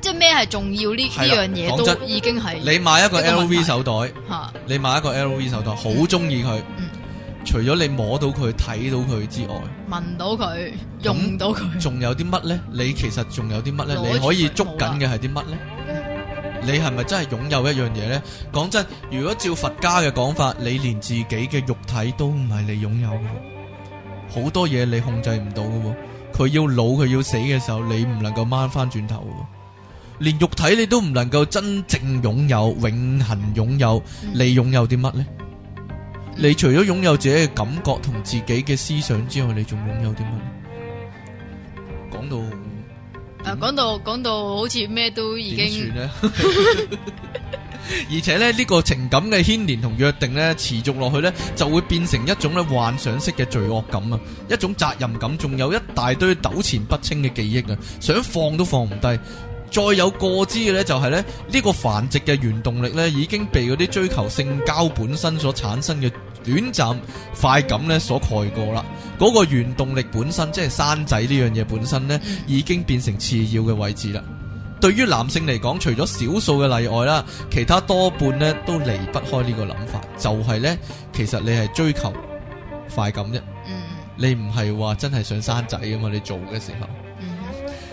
即係咩係重要呢？呢樣嘢都已經係。你買一個 LV 手袋，吓、啊，你買一個 LV 手袋，好中意佢。嗯、除咗你摸到佢、睇到佢之外，聞到佢、用到佢，仲有啲乜呢？你其實仲有啲乜呢？你可以捉緊嘅係啲乜呢？的你係咪真係擁有一樣嘢呢？講真，如果照佛家嘅講法，你連自己嘅肉體都唔係你擁有嘅，好多嘢你控制唔到嘅喎。佢要老，佢要死嘅時候，你唔能夠掹翻轉頭。連肉體你都唔能夠真正擁有，永恆擁有，你擁有啲乜呢？你除咗擁有自己嘅感覺同自己嘅思想之外，你仲擁有啲乜呢？講到，啊，講到講到好似咩都已經，而且呢呢個情感嘅牽連同約定呢，持續落去呢，就會變成一種咧幻想式嘅罪惡感啊，一種責任感，仲有一大堆糾纏不清嘅記憶啊，想放都放唔低。再有過之嘅呢，就係咧呢個繁殖嘅原動力呢，已經被嗰啲追求性交本身所產生嘅短暫快感呢所蓋過啦。嗰個原動力本身即係、就是、生仔呢樣嘢本身呢，已經變成次要嘅位置啦。對於男性嚟講，除咗少數嘅例外啦，其他多半呢都離不開呢個諗法，就係呢，其實你係追求快感啫，你唔係話真係想生仔啊嘛？你做嘅時候。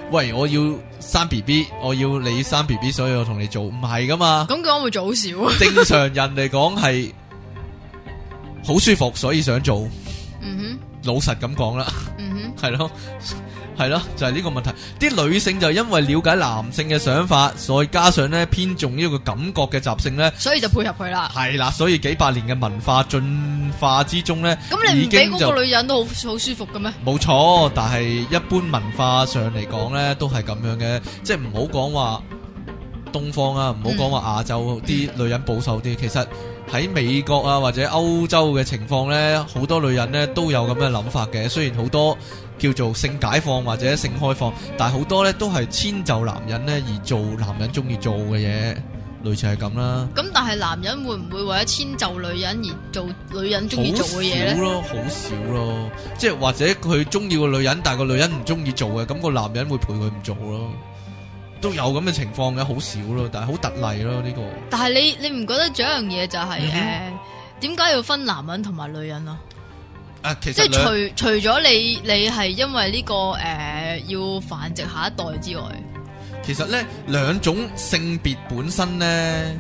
喂，我要生 B B，我要你生 B B，所以我同你做，唔係噶嘛？咁講會做好少、啊？ <laughs> 正常人嚟講係好舒服，所以想做。嗯哼，老實咁講啦。嗯哼，係咯。 <laughs> 係咯，就係、是、呢個問題。啲女性就因為了解男性嘅想法，再加上咧偏重呢個感覺嘅習性咧，所以就配合佢啦。係啦，所以幾百年嘅文化進化之中咧，咁你唔俾嗰個女人都好好舒服嘅咩？冇錯，但係一般文化上嚟講咧，都係咁樣嘅，即係唔好講話東方啊，唔好講話亞洲啲女人保守啲，嗯、 <laughs> 其實喺美國啊或者歐洲嘅情況咧，好多女人咧都有咁嘅諗法嘅，雖然好多。叫做性解放或者性開放，但係好多咧都係遷就男人咧而做男人中意做嘅嘢，類似係咁啦。咁、嗯、但係男人會唔會為咗遷就女人而做女人中意做嘅嘢？好少咯、啊，好少咯、啊，即係或者佢中意個女人，但係個女人唔中意做嘅，咁、個男人會陪佢唔做咯。都有咁嘅情況嘅，好少咯、啊，但係好特例咯呢個。但係你你唔覺得仲有一樣嘢就係誒點解要分男人同埋女人啊？即係除除咗你你係因為呢個誒要繁殖下一代之外，其實咧兩種性別本身咧，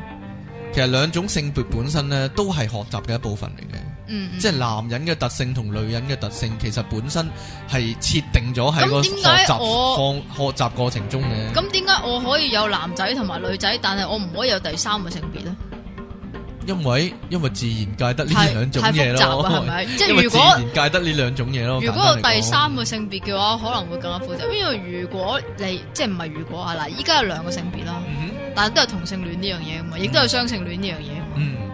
其實兩種性別本身咧都係學習嘅一部分嚟嘅。嗯，即係男人嘅特性同女人嘅特性，其實本身係設定咗喺個學習過程過程中嘅。咁點解我可以有男仔同埋女仔，但係我唔可以有第三個性別咧？因為因為自然界得呢兩種嘢咯，係咪？即係如果自然界得呢兩種嘢咯。如果有第三個性別嘅話，可能會更加複雜。因為如果你即係唔係如果啊，嗱，依家有兩個性別啦，嗯、哼但係都係同性戀呢樣嘢噶嘛，亦都係雙性戀呢樣嘢噶嘛。嗯嗯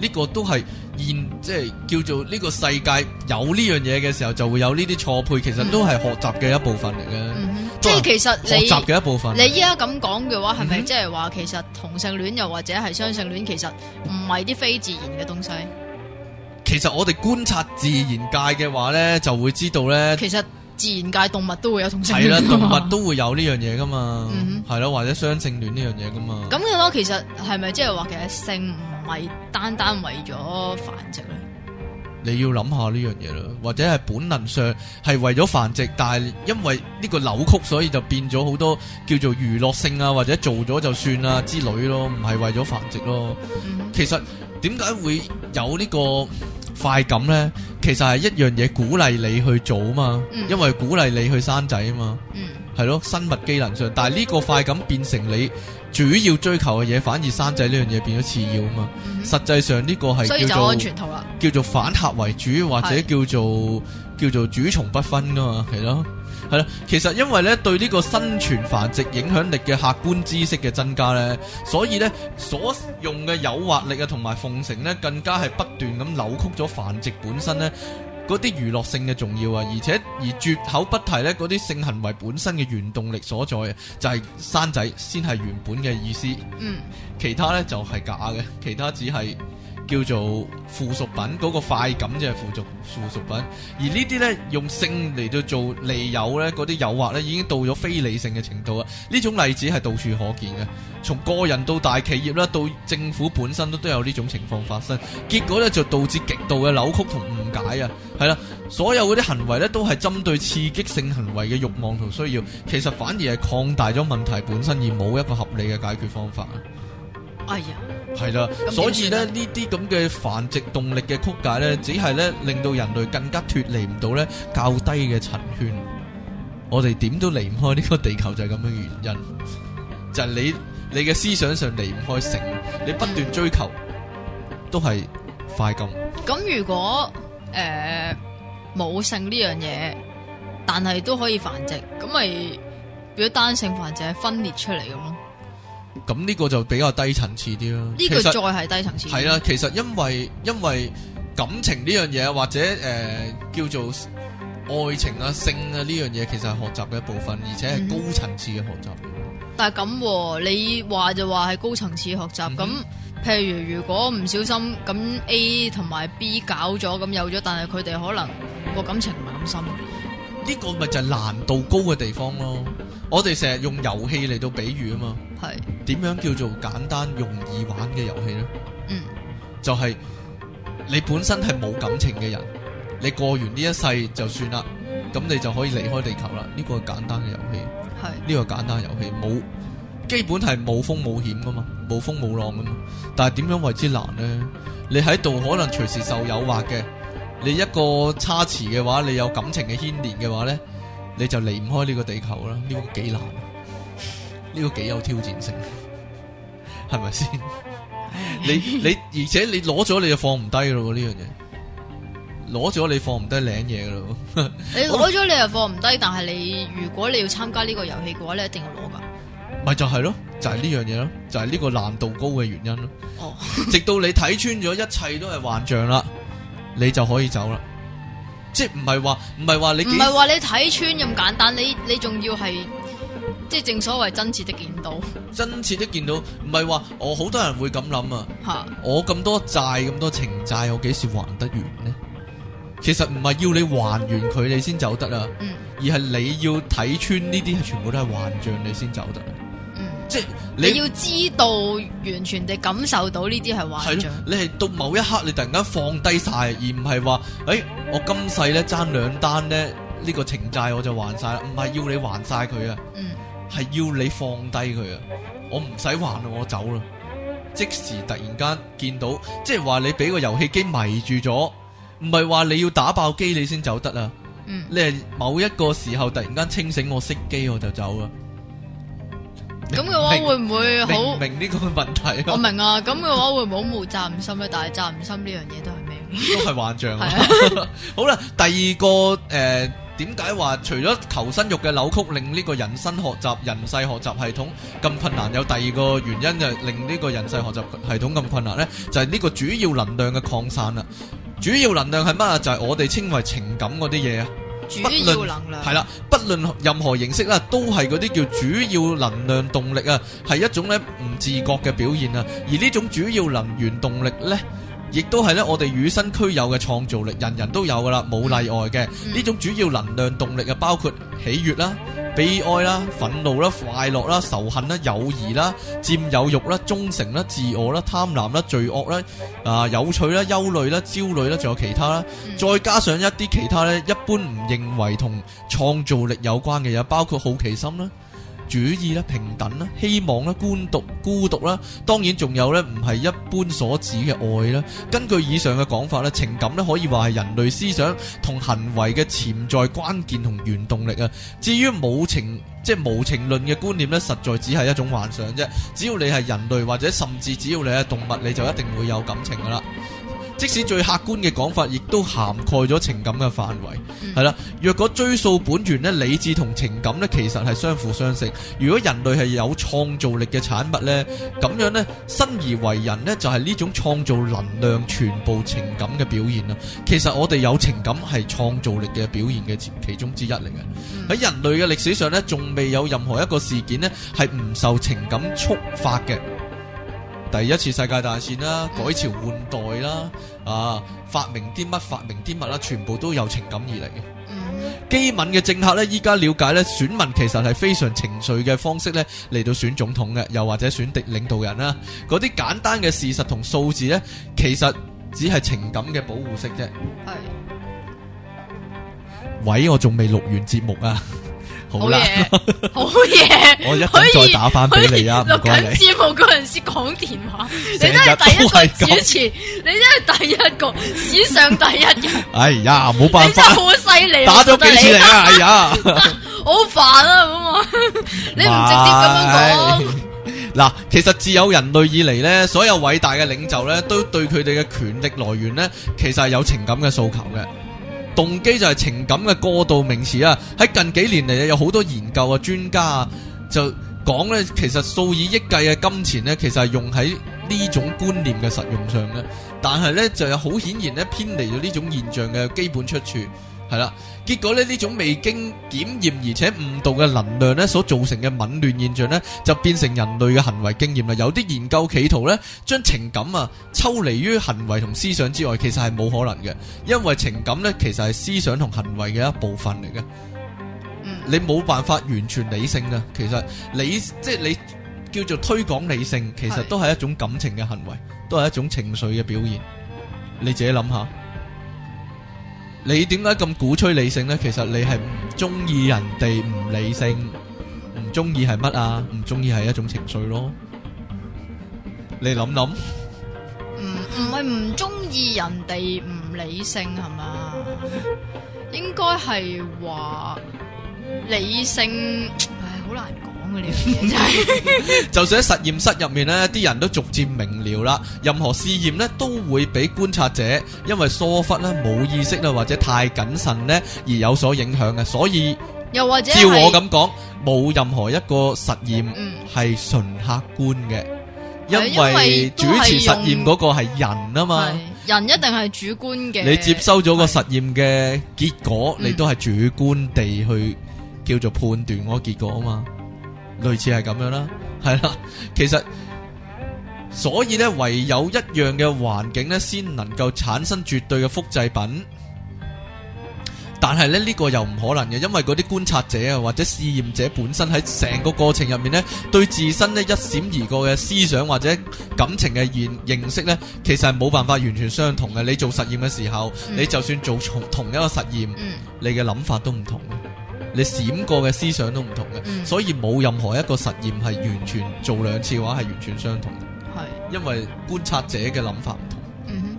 呢個都係現即係叫做呢個世界有呢樣嘢嘅時候，就會有呢啲錯配，其實都係學習嘅一部分嚟嘅。即係其實學習嘅一部分你，你依家咁講嘅話，係咪即係話其實同性戀又或者係雙性戀，其實唔係啲非自然嘅東西？其實我哋觀察自然界嘅話咧，就會知道咧。其實自然界動物都會有同性戀。係啦，動物都會有呢樣嘢噶嘛。係咯、mm hmm.，或者雙性戀呢樣嘢噶嘛。咁嘅話，其實係咪即係話其實性？咪單單為咗繁殖咧？你要諗下呢樣嘢咯，或者係本能上係為咗繁殖，但係因為呢個扭曲，所以就變咗好多叫做娛樂性啊，或者做咗就算啦之類咯，唔係為咗繁殖咯。其實點解會有呢個快感呢？其實係一樣嘢鼓勵你去做啊嘛，因為鼓勵你去生仔啊嘛，嗯，係咯，生物機能上，但係呢個快感變成你。主要追求嘅嘢，反而生仔呢樣嘢變咗次要啊嘛！嗯、哼實際上呢個係叫做安全套叫做反客為主，或者叫做是叫做主從不分噶嘛，係咯，係咯。其實因為呢對呢個生存繁殖影響力嘅客觀知識嘅增加呢，所以呢所用嘅誘惑力啊同埋奉承呢更加係不斷咁扭曲咗繁殖本身呢。嗰啲娛樂性嘅重要啊，而且而絕口不提呢，嗰啲性行為本身嘅原動力所在，就係生仔先係原本嘅意思。嗯，其他呢，就係假嘅，其他只係，叫做附屬品，嗰、那個快感就係附屬附屬品。而呢啲呢，用性嚟到做利誘呢，嗰啲誘惑呢，已經到咗非理性嘅程度啊！呢種例子係到處可見嘅，從個人到大企業啦，到政府本身都都有呢種情況發生。結果呢，就導致極度嘅扭曲同誤解啊！係啦，所有嗰啲行為呢，都係針對刺激性行為嘅慾望同需要，其實反而係擴大咗問題本身，而冇一個合理嘅解決方法。哎呀，係啦了，所以咧呢啲咁嘅繁殖動力嘅曲解咧，只係咧令到人類更加脫離唔到咧較低嘅塵圈。我哋點都離唔開呢個地球就係咁嘅原因， <laughs> 就係你你嘅思想上離唔開性，你不斷追求 <laughs> 都係快感。咁如果誒冇、呃、性呢樣嘢，但係都可以繁殖，咁咪變咗單性繁殖係分裂出嚟咁咯？咁呢個就比較低層次啲咯。呢個實再係低層次。係啦，其實因為因為感情呢樣嘢，或者誒、呃、叫做愛情啊、性啊呢樣嘢，其實係學習嘅一部分，而且係高層次嘅學習。嗯、哼但係咁、啊，你話就話係高層次學習。咁、嗯、哼譬如如果唔小心咁 A 同埋 B 搞咗咁有咗，但係佢哋可能個感情唔係咁深。呢、嗯、哼個咪就係難度高嘅地方咯。我哋成日用遊戲嚟到比喻啊嘛。點是樣叫做簡單容易玩嘅遊戲呢？嗯，就係你本身係冇感情嘅人，你過完呢一世就算啦，咁你就可以離開地球啦。呢、這個簡單嘅遊戲，係呢是個簡單遊戲，冇基本係冇風冇險噶嘛冇風冇浪噶嘛但係點樣為之難呢？你喺度可能隨時受誘惑嘅，你一個差池嘅話，你有感情嘅牽連嘅話呢，你就離唔開呢個地球啦。呢、這個幾難、啊。呢個幾有挑戰性，係咪先？你你而且你攞咗你就放唔低咯，呢樣嘢。攞咗你，你放唔低領嘢噶咯。你攞咗你又放唔低，但係你如果你要參加呢個遊戲嘅話，你一定要攞噶。咪 <laughs> 就係咯，就係呢樣嘢咯，就係呢個難度高嘅原因咯。哦， <laughs> 直到你睇穿咗一切都係幻象啦，你就可以走啦。即係唔係話唔係話你唔係話你睇穿咁簡單，你你仲要係。即係正所謂真切的見到，真切的見到，唔係話我好多人會咁諗啊。吓， <laughs> 我咁多債，咁多情債，我幾時還得完呢？其實唔係要你還完佢你先走得啊，嗯、而係你要睇穿呢啲全部都係幻象你、嗯，你先走得。嗯，即係你要知道完全地感受到呢啲係幻象。係咯，你係到某一刻你突然間放低晒，而唔係話，誒、欸，我今世咧爭兩單咧。呢個情債我就還晒啦，唔係要你還晒佢啊，係、嗯、要你放低佢啊，我唔使還啦，我走啦。即時突然間見到，即係話你俾個遊戲機迷住咗，唔係話你要打爆機你先走得啦，嗯、你係某一個時候突然間清醒，我熄機我就走啦。咁嘅話會唔會好明呢個問題啊？我明啊，咁嘅話會唔會好無責任心咧？但係責任心呢樣嘢都係咩？都係幻象啊，好啦，第二個誒。呃點解話除咗求生欲嘅扭曲令呢個人生學習、人世學習系統咁困難，有第二個原因就令呢個人世學習系統咁困難咧？就係呢個主要能量嘅擴散啦。主要能量係乜啊？就係我哋稱為情感嗰啲嘢啊。主要能量不論係啦，不論任何形式啦，都係嗰啲叫主要能量動力啊，係一種咧唔自覺嘅表現啊。而呢種主要能源動力咧。亦都係咧，我哋與生俱有嘅創造力，人人都有㗎喇，冇例外嘅。呢種主要能量動力啊，包括喜悅啦、悲哀啦、憤怒啦、快樂啦、仇恨啦、友誼啦、佔有慾啦、忠誠啦、自我啦、貪婪啦、罪惡啦啊、有趣啦、憂慮啦、焦慮啦，仲有其他啦，再加上一啲其他咧，一般唔認為同創造力有關嘅嘢，包括好奇心啦。主義啦、平等啦、希望啦、孤獨孤獨啦，當然仲有咧，唔係一般所指嘅愛啦。根據以上嘅講法咧，情感咧可以話係人類思想同行為嘅潛在關鍵同原動力啊。至於無情即係無情論嘅觀念咧，實在只係一種幻想啫。只要你係人類或者甚至只要你係動物，你就一定會有感情噶啦。即使最客觀嘅講法，亦都涵蓋咗情感嘅範圍，係啦、嗯。若果追溯本源咧，理智同情感咧，其實係相輔相成。如果人類係有創造力嘅產物呢，咁樣呢，生而為人呢，就係呢種創造能量全部情感嘅表現啦。其實我哋有情感係創造力嘅表現嘅其中之一嚟嘅。喺、嗯、人類嘅歷史上呢，仲未有任何一個事件呢係唔受情感觸發嘅。第一次世界大戰啦，嗯、改朝換代啦，嗯、啊，發明啲乜發明啲乜？啦，全部都有情感而嚟嘅。嗯、基敏嘅政客呢，依家了解呢選民其實係非常情緒嘅方式咧嚟到選總統嘅，又或者選領領導人啦，嗰啲簡單嘅事實同數字呢，其實只係情感嘅保護色啫。係、嗯，喂，我仲未錄完節目啊。好嘢，好嘢，我一陣再打翻俾你啊！唔該你。錄緊節目嗰陣時講電話，你真係第一個主持，你真係第一個史上第一人。哎呀，冇辦法，真係好犀利，打咗幾次你啊！哎呀，好煩啊！咁啊，你唔直接咁樣講。嗱，其實自有人類以嚟咧，所有偉大嘅領袖咧，都對佢哋嘅權力來源咧，其實係有情感嘅訴求嘅。動機就係情感嘅過度名詞啊！喺近幾年嚟有好多研究啊，專家啊就講呢，其實數以億計嘅金錢呢，其實係用喺呢種觀念嘅實用上嘅，但係呢，就係好顯然呢，偏離咗呢種現象嘅基本出處。係啦，結果呢，呢種未經檢驗而且誤導嘅能量呢，所造成嘅紊亂現象呢，就變成人類嘅行為經驗啦。有啲研究企圖呢，將情感啊抽離於行為同思想之外，其實係冇可能嘅，因為情感呢，其實係思想同行為嘅一部分嚟嘅。嗯，你冇辦法完全理性噶，其實理即係你叫做推廣理性，其實都係一種感情嘅行為，都係一種情緒嘅表現。你自己諗下。你點解咁鼓吹理性咧？其實你係唔中意人哋唔理性，唔中意係乜啊？唔中意係一種情緒咯。你諗諗。唔唔係唔中意人哋唔理性係嘛？應該係話理性，唉，好難。 <laughs> 就算喺實驗室入面，呢啲人都逐漸明瞭啦。任何試驗咧，都會俾觀察者因為疏忽咧、冇意識啦，或者太謹慎咧而有所影響嘅。所以，又或者照我咁講，冇是任何一個實驗係純客觀嘅，嗯、因為主持實驗嗰個係人啊嘛，人一定係主觀嘅。你接收咗個實驗嘅結果，嗯、你都係主觀地去叫做判斷嗰個結果啊嘛。類似係咁樣啦，係啦，其實所以咧，唯有一樣嘅環境咧，先能夠產生絕對嘅複製品。但係咧，呢、呢個又唔可能嘅，因為嗰啲觀察者啊，或者試驗者本身喺成個過程入面咧，對自身咧一閃而過嘅思想或者感情嘅認認識咧，其實係冇辦法完全相同嘅。你做實驗嘅時候，嗯、你就算做同同一個實驗，嗯、你嘅諗法都唔同。你閃過嘅思想都唔同嘅，嗯、所以冇任何一個實驗係完全做兩次嘅話係完全相同嘅，是因為觀察者嘅諗法唔同，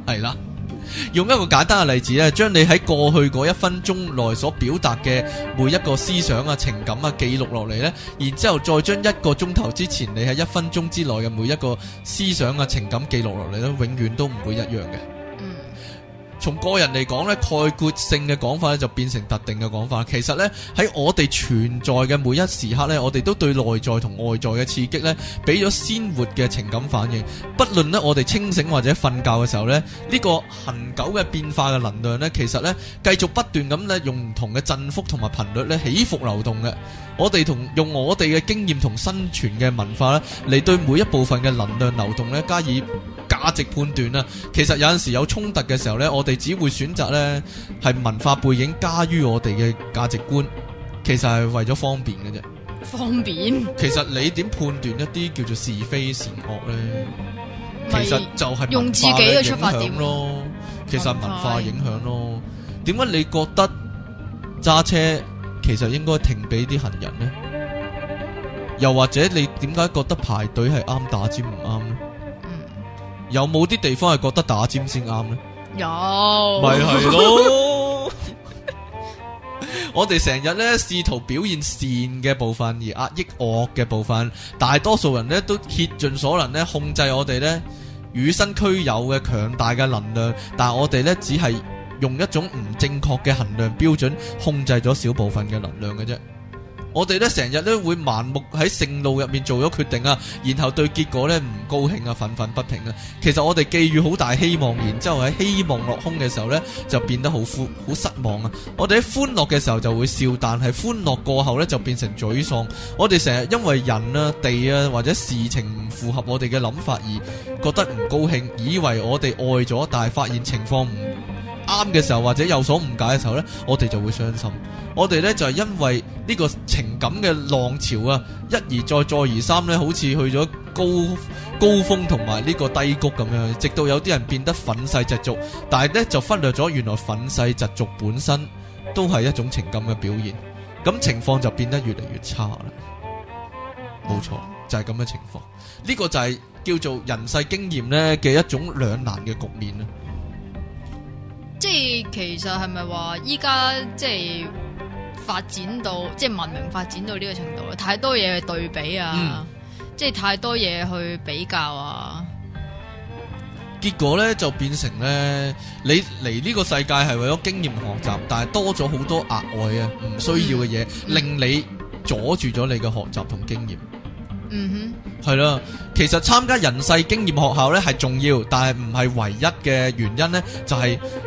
係啦、嗯哼。用一個簡單嘅例子咧，將你喺過去嗰一分鐘內所表達嘅每一個思想啊、情感啊記錄落嚟呢，然之後再將一個鐘頭之前你喺一分鐘之內嘅每一個思想啊、情感記錄落嚟咧，永遠都唔會一樣嘅。從個人嚟講咧，概括性嘅講法咧就變成特定嘅講法。其實咧喺我哋存在嘅每一時刻咧，我哋都對內在同外在嘅刺激咧，俾咗鮮活嘅情感反應。不論咧我哋清醒或者瞓覺嘅時候咧，呢個恒久嘅變化嘅能量咧，其實咧繼續不斷咁咧用唔同嘅振幅同埋頻率咧起伏流動嘅。我哋同用我哋嘅經驗同生存嘅文化咧嚟對每一部分嘅能量流動咧加以價值判斷啊。其實有陣時有衝突嘅時候咧，我你只會選擇呢係文化背景加於我哋嘅價值觀，其實係為咗方便嘅啫。方便？其實你點判斷一啲叫做是非善惡呢？是其實就係用自己嘅出發點咯。其實文化影響咯。點解你覺得揸車其實應該停俾啲行人呢？又或者你點解覺得排隊係啱打尖唔啱呢？嗯、有冇啲地方係覺得打尖先啱呢？有咪係咯？ <laughs> <laughs> 我哋成日咧試圖表現善嘅部分，而壓抑惡嘅部分，大多數人咧都竭盡所能咧控制我哋咧與生俱有嘅強大嘅能量，但係我哋咧只係用一種唔正確嘅衡量標準控制咗小部分嘅能量嘅啫。我哋咧成日咧會盲目喺盛怒入面做咗決定啊，然後對結果咧唔高興啊，憤憤不平啊。其實我哋寄予好大希望，然之後喺希望落空嘅時候咧，就變得好苦、好失望啊。我哋喺歡樂嘅時候就會笑，但係歡樂過後咧就變成沮喪。我哋成日因為人啊、地啊或者事情唔符合我哋嘅諗法而覺得唔高興，以為我哋愛咗，但係發現情況唔。啱嘅時候或者有所誤解嘅時候呢，我哋就會傷心。我哋呢就係、是、因為呢個情感嘅浪潮啊，一而再，再而三呢，好似去咗高高峰同埋呢個低谷咁樣，直到有啲人變得憤世嫉俗，但係呢，就忽略咗原來憤世嫉俗本身都係一種情感嘅表現，咁情況就變得越嚟越差啦。冇錯，就係咁嘅情況。呢、這個就係叫做人世經驗呢嘅一種兩難嘅局面啊。即係其實係咪話依家，即係發展到即係、就是、文明發展到呢個程度咧？太多嘢去對比啊，即係、嗯、太多嘢去比較啊。結果咧就變成咧，你嚟呢個世界係為咗經驗學習，但係多咗好多額外啊，唔需要嘅嘢，嗯嗯、令你阻住咗你嘅學習同經驗。嗯哼，係啦。其實參加人世經驗學校咧係重要，但係唔係唯一嘅原因咧，就係、是。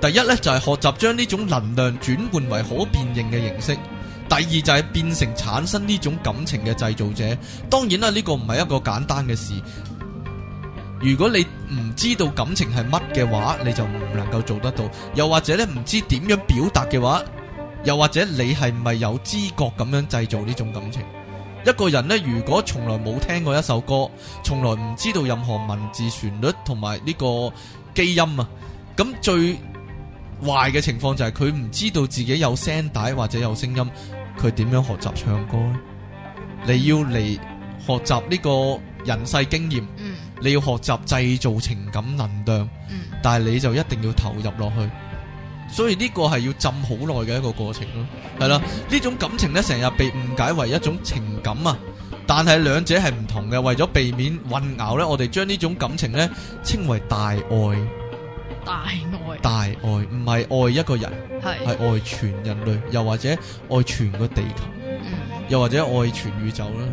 第一咧就係、是，學習將呢種能量轉換為可辨認嘅形式，第二就係變成產生呢種感情嘅製造者。當然啦，呢、這個唔係一個簡單嘅事。如果你唔知道感情係乜嘅話，你就唔能夠做得到。又或者咧唔知點樣表達嘅話，又或者你係咪有知覺咁樣製造呢種感情？一個人呢，如果從來冇聽過一首歌，從來唔知道任何文字、旋律同埋呢個基因啊，咁最。壞嘅情況就係佢唔知道自己有聲帶或者有聲音，佢點樣學習唱歌呢？你要嚟學習呢個人世經驗，嗯，你要學習製造情感能量，嗯，但係你就一定要投入落去。所以呢個係要浸好耐嘅一個過程咯，係啦。呢種感情呢，成日被誤解為一種情感啊，但係兩者係唔同嘅。為咗避免混淆呢，我哋將呢種感情呢稱為大愛。大愛，大愛唔係愛一個人，係愛全人類，又或者愛全個地球，嗯、又或者愛全宇宙啦，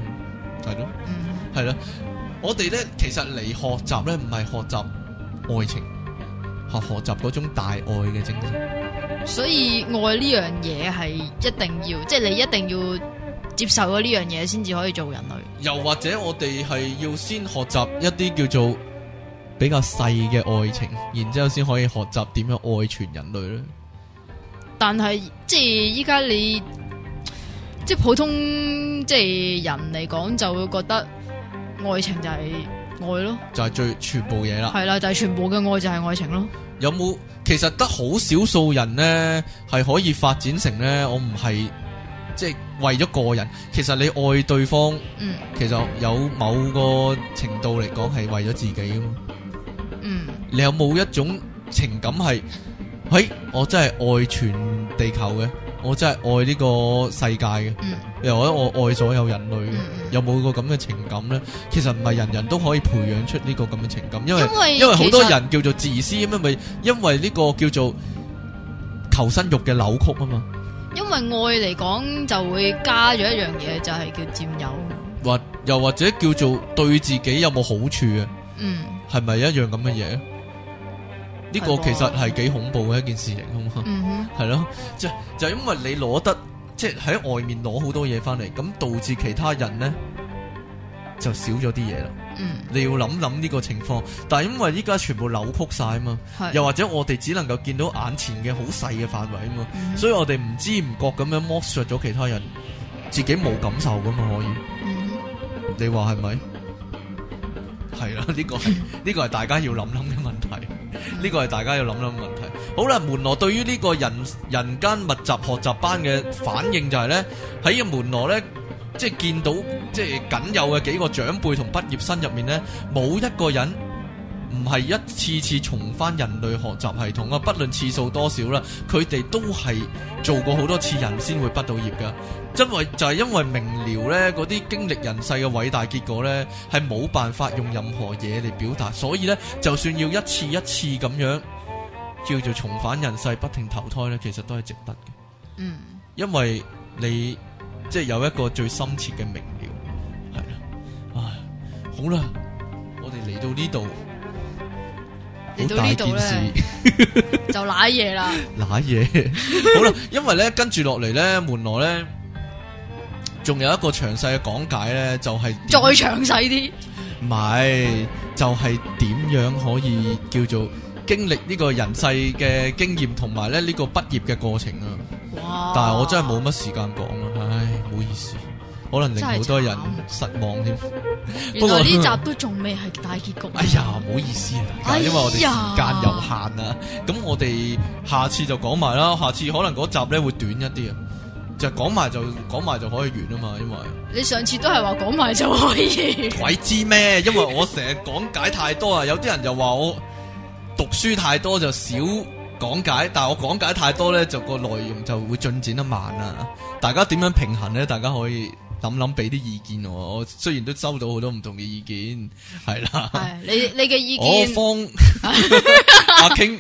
係咯，係啦、嗯，我哋咧其實嚟學習咧唔係學習愛情，學學習嗰種大愛嘅精神，所以愛呢樣嘢係一定要，即係你一定要接受咗呢樣嘢先至可以做人類，又或者我哋係要先學習一啲叫做。比較細嘅愛情，然之後先可以學習點樣愛全人類咧。但係即係依家，你即係普通即係人嚟講，就會覺得愛情就係愛咯，就係最全部嘢啦。係啦，就係全部嘅愛就係愛情咯。有冇其實得好少數人呢，係可以發展成呢。我唔係即係為咗個人，其實你愛對方，嗯、其實有某個程度嚟講係為咗自己啊。你有冇一種情感係喺、哎、我真係愛全地球嘅，我真係愛呢個世界嘅，又或者我愛所有人類嘅，嗯、有冇個咁嘅情感呢？其實唔係人人都可以培養出呢個咁嘅情感，因為因為好多人叫做自私咁樣、嗯、因為呢個叫做求生欲嘅扭曲啊嘛。因為愛嚟講就會加咗一樣嘢，就係叫佔有，或又或者叫做對自己有冇好處啊？嗯，係咪一樣咁嘅嘢？呢個其實係幾恐怖嘅一件事情啊嘛，係咯、嗯哼，即就，就因為你攞得即係喺外面攞好多嘢翻嚟，咁導致其他人呢，就少咗啲嘢啦。嗯、你要諗諗呢個情況，但係因為依家全部扭曲曬啊嘛，是又或者我哋只能夠見到眼前嘅好細嘅範圍啊嘛，嗯、所以我哋唔知唔覺咁樣剝削咗其他人，自己冇感受噶嘛可以，嗯、你話係咪？係啦，呢、這個係呢、這個係大家要諗諗嘅問題。呢個係大家要諗諗問題。好啦，門羅對於呢個人人間密集學習班嘅反應就係咧，喺門羅咧，即係見到即係僅有嘅幾個長輩同畢業生入面咧，冇一個人，唔係一次次重返人類學習系統啊！不論次數多少啦，佢哋都係做過好多次人先會畢到業噶。就是、因為就係因為明了呢嗰啲經歷人世嘅偉大結果呢係冇辦法用任何嘢嚟表達，所以呢，就算要一次一次咁樣叫做重返人世、不停投胎呢，其實都係值得嘅。嗯，因為你即係、就是、有一個最深切嘅明了，係啦。唉，好啦，我哋嚟到呢度。到呢度咧就賴嘢啦，賴嘢好啦，因為咧跟住落嚟咧門羅咧仲有一個詳細嘅講解咧，就係再詳細啲，唔係就係點樣可以叫做經歷呢個人世嘅經驗同埋咧呢個畢業嘅過程啊！哇！但係我真係冇乜時間講啊，唉，唔好意思。可能令好的多人慘失望添。原來呢集都仲未係大結局。 <laughs> 哎呀，唔好意思啊，大家、哎呀，因為我哋時間有限啊。咁、哎、呀我哋下次就講埋啦。下次可能嗰集咧會短一啲啊。就講埋，就講埋，就可以完啊嘛，因為你上次都係話講埋就可以。鬼知咩？因為我成日講解太多啊， <laughs> 有啲人就話我讀書太多就少講解，但係我講解太多咧就個內容就會進展得慢啊。大家點樣平衡咧？大家可以。諗諗俾啲意見我，我雖然都收到好多唔同嘅意見，係啦、哎。你你嘅意見我、哦、方阿傾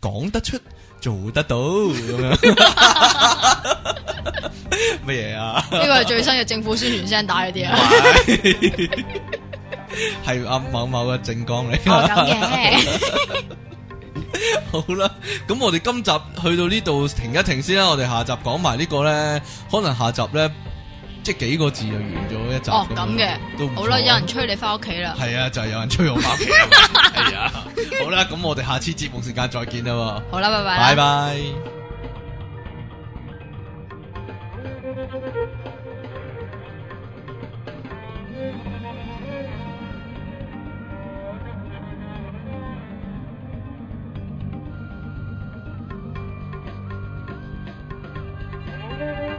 講得出，做得到咁樣乜嘢 <laughs> <laughs> 啊？呢個係最新嘅政府宣傳聲打嗰啲啊？係阿、 <laughs> <laughs> 啊、某某嘅政綱嚟？啊？ <laughs> <laughs> <laughs> 好啦，咁我哋今集去到呢度停一停先啦，我哋下集講埋呢個咧，可能下集咧。即係幾個字就完咗一集。哦，咁嘅。都好啦，有人催你翻屋企啦。係 <laughs> 啊，就係、是、有人催我翻屋企。係 <laughs> <laughs> 啊，好啦，咁我哋下次節目時間再見啦。好啦，拜拜。拜拜 bye。 <music>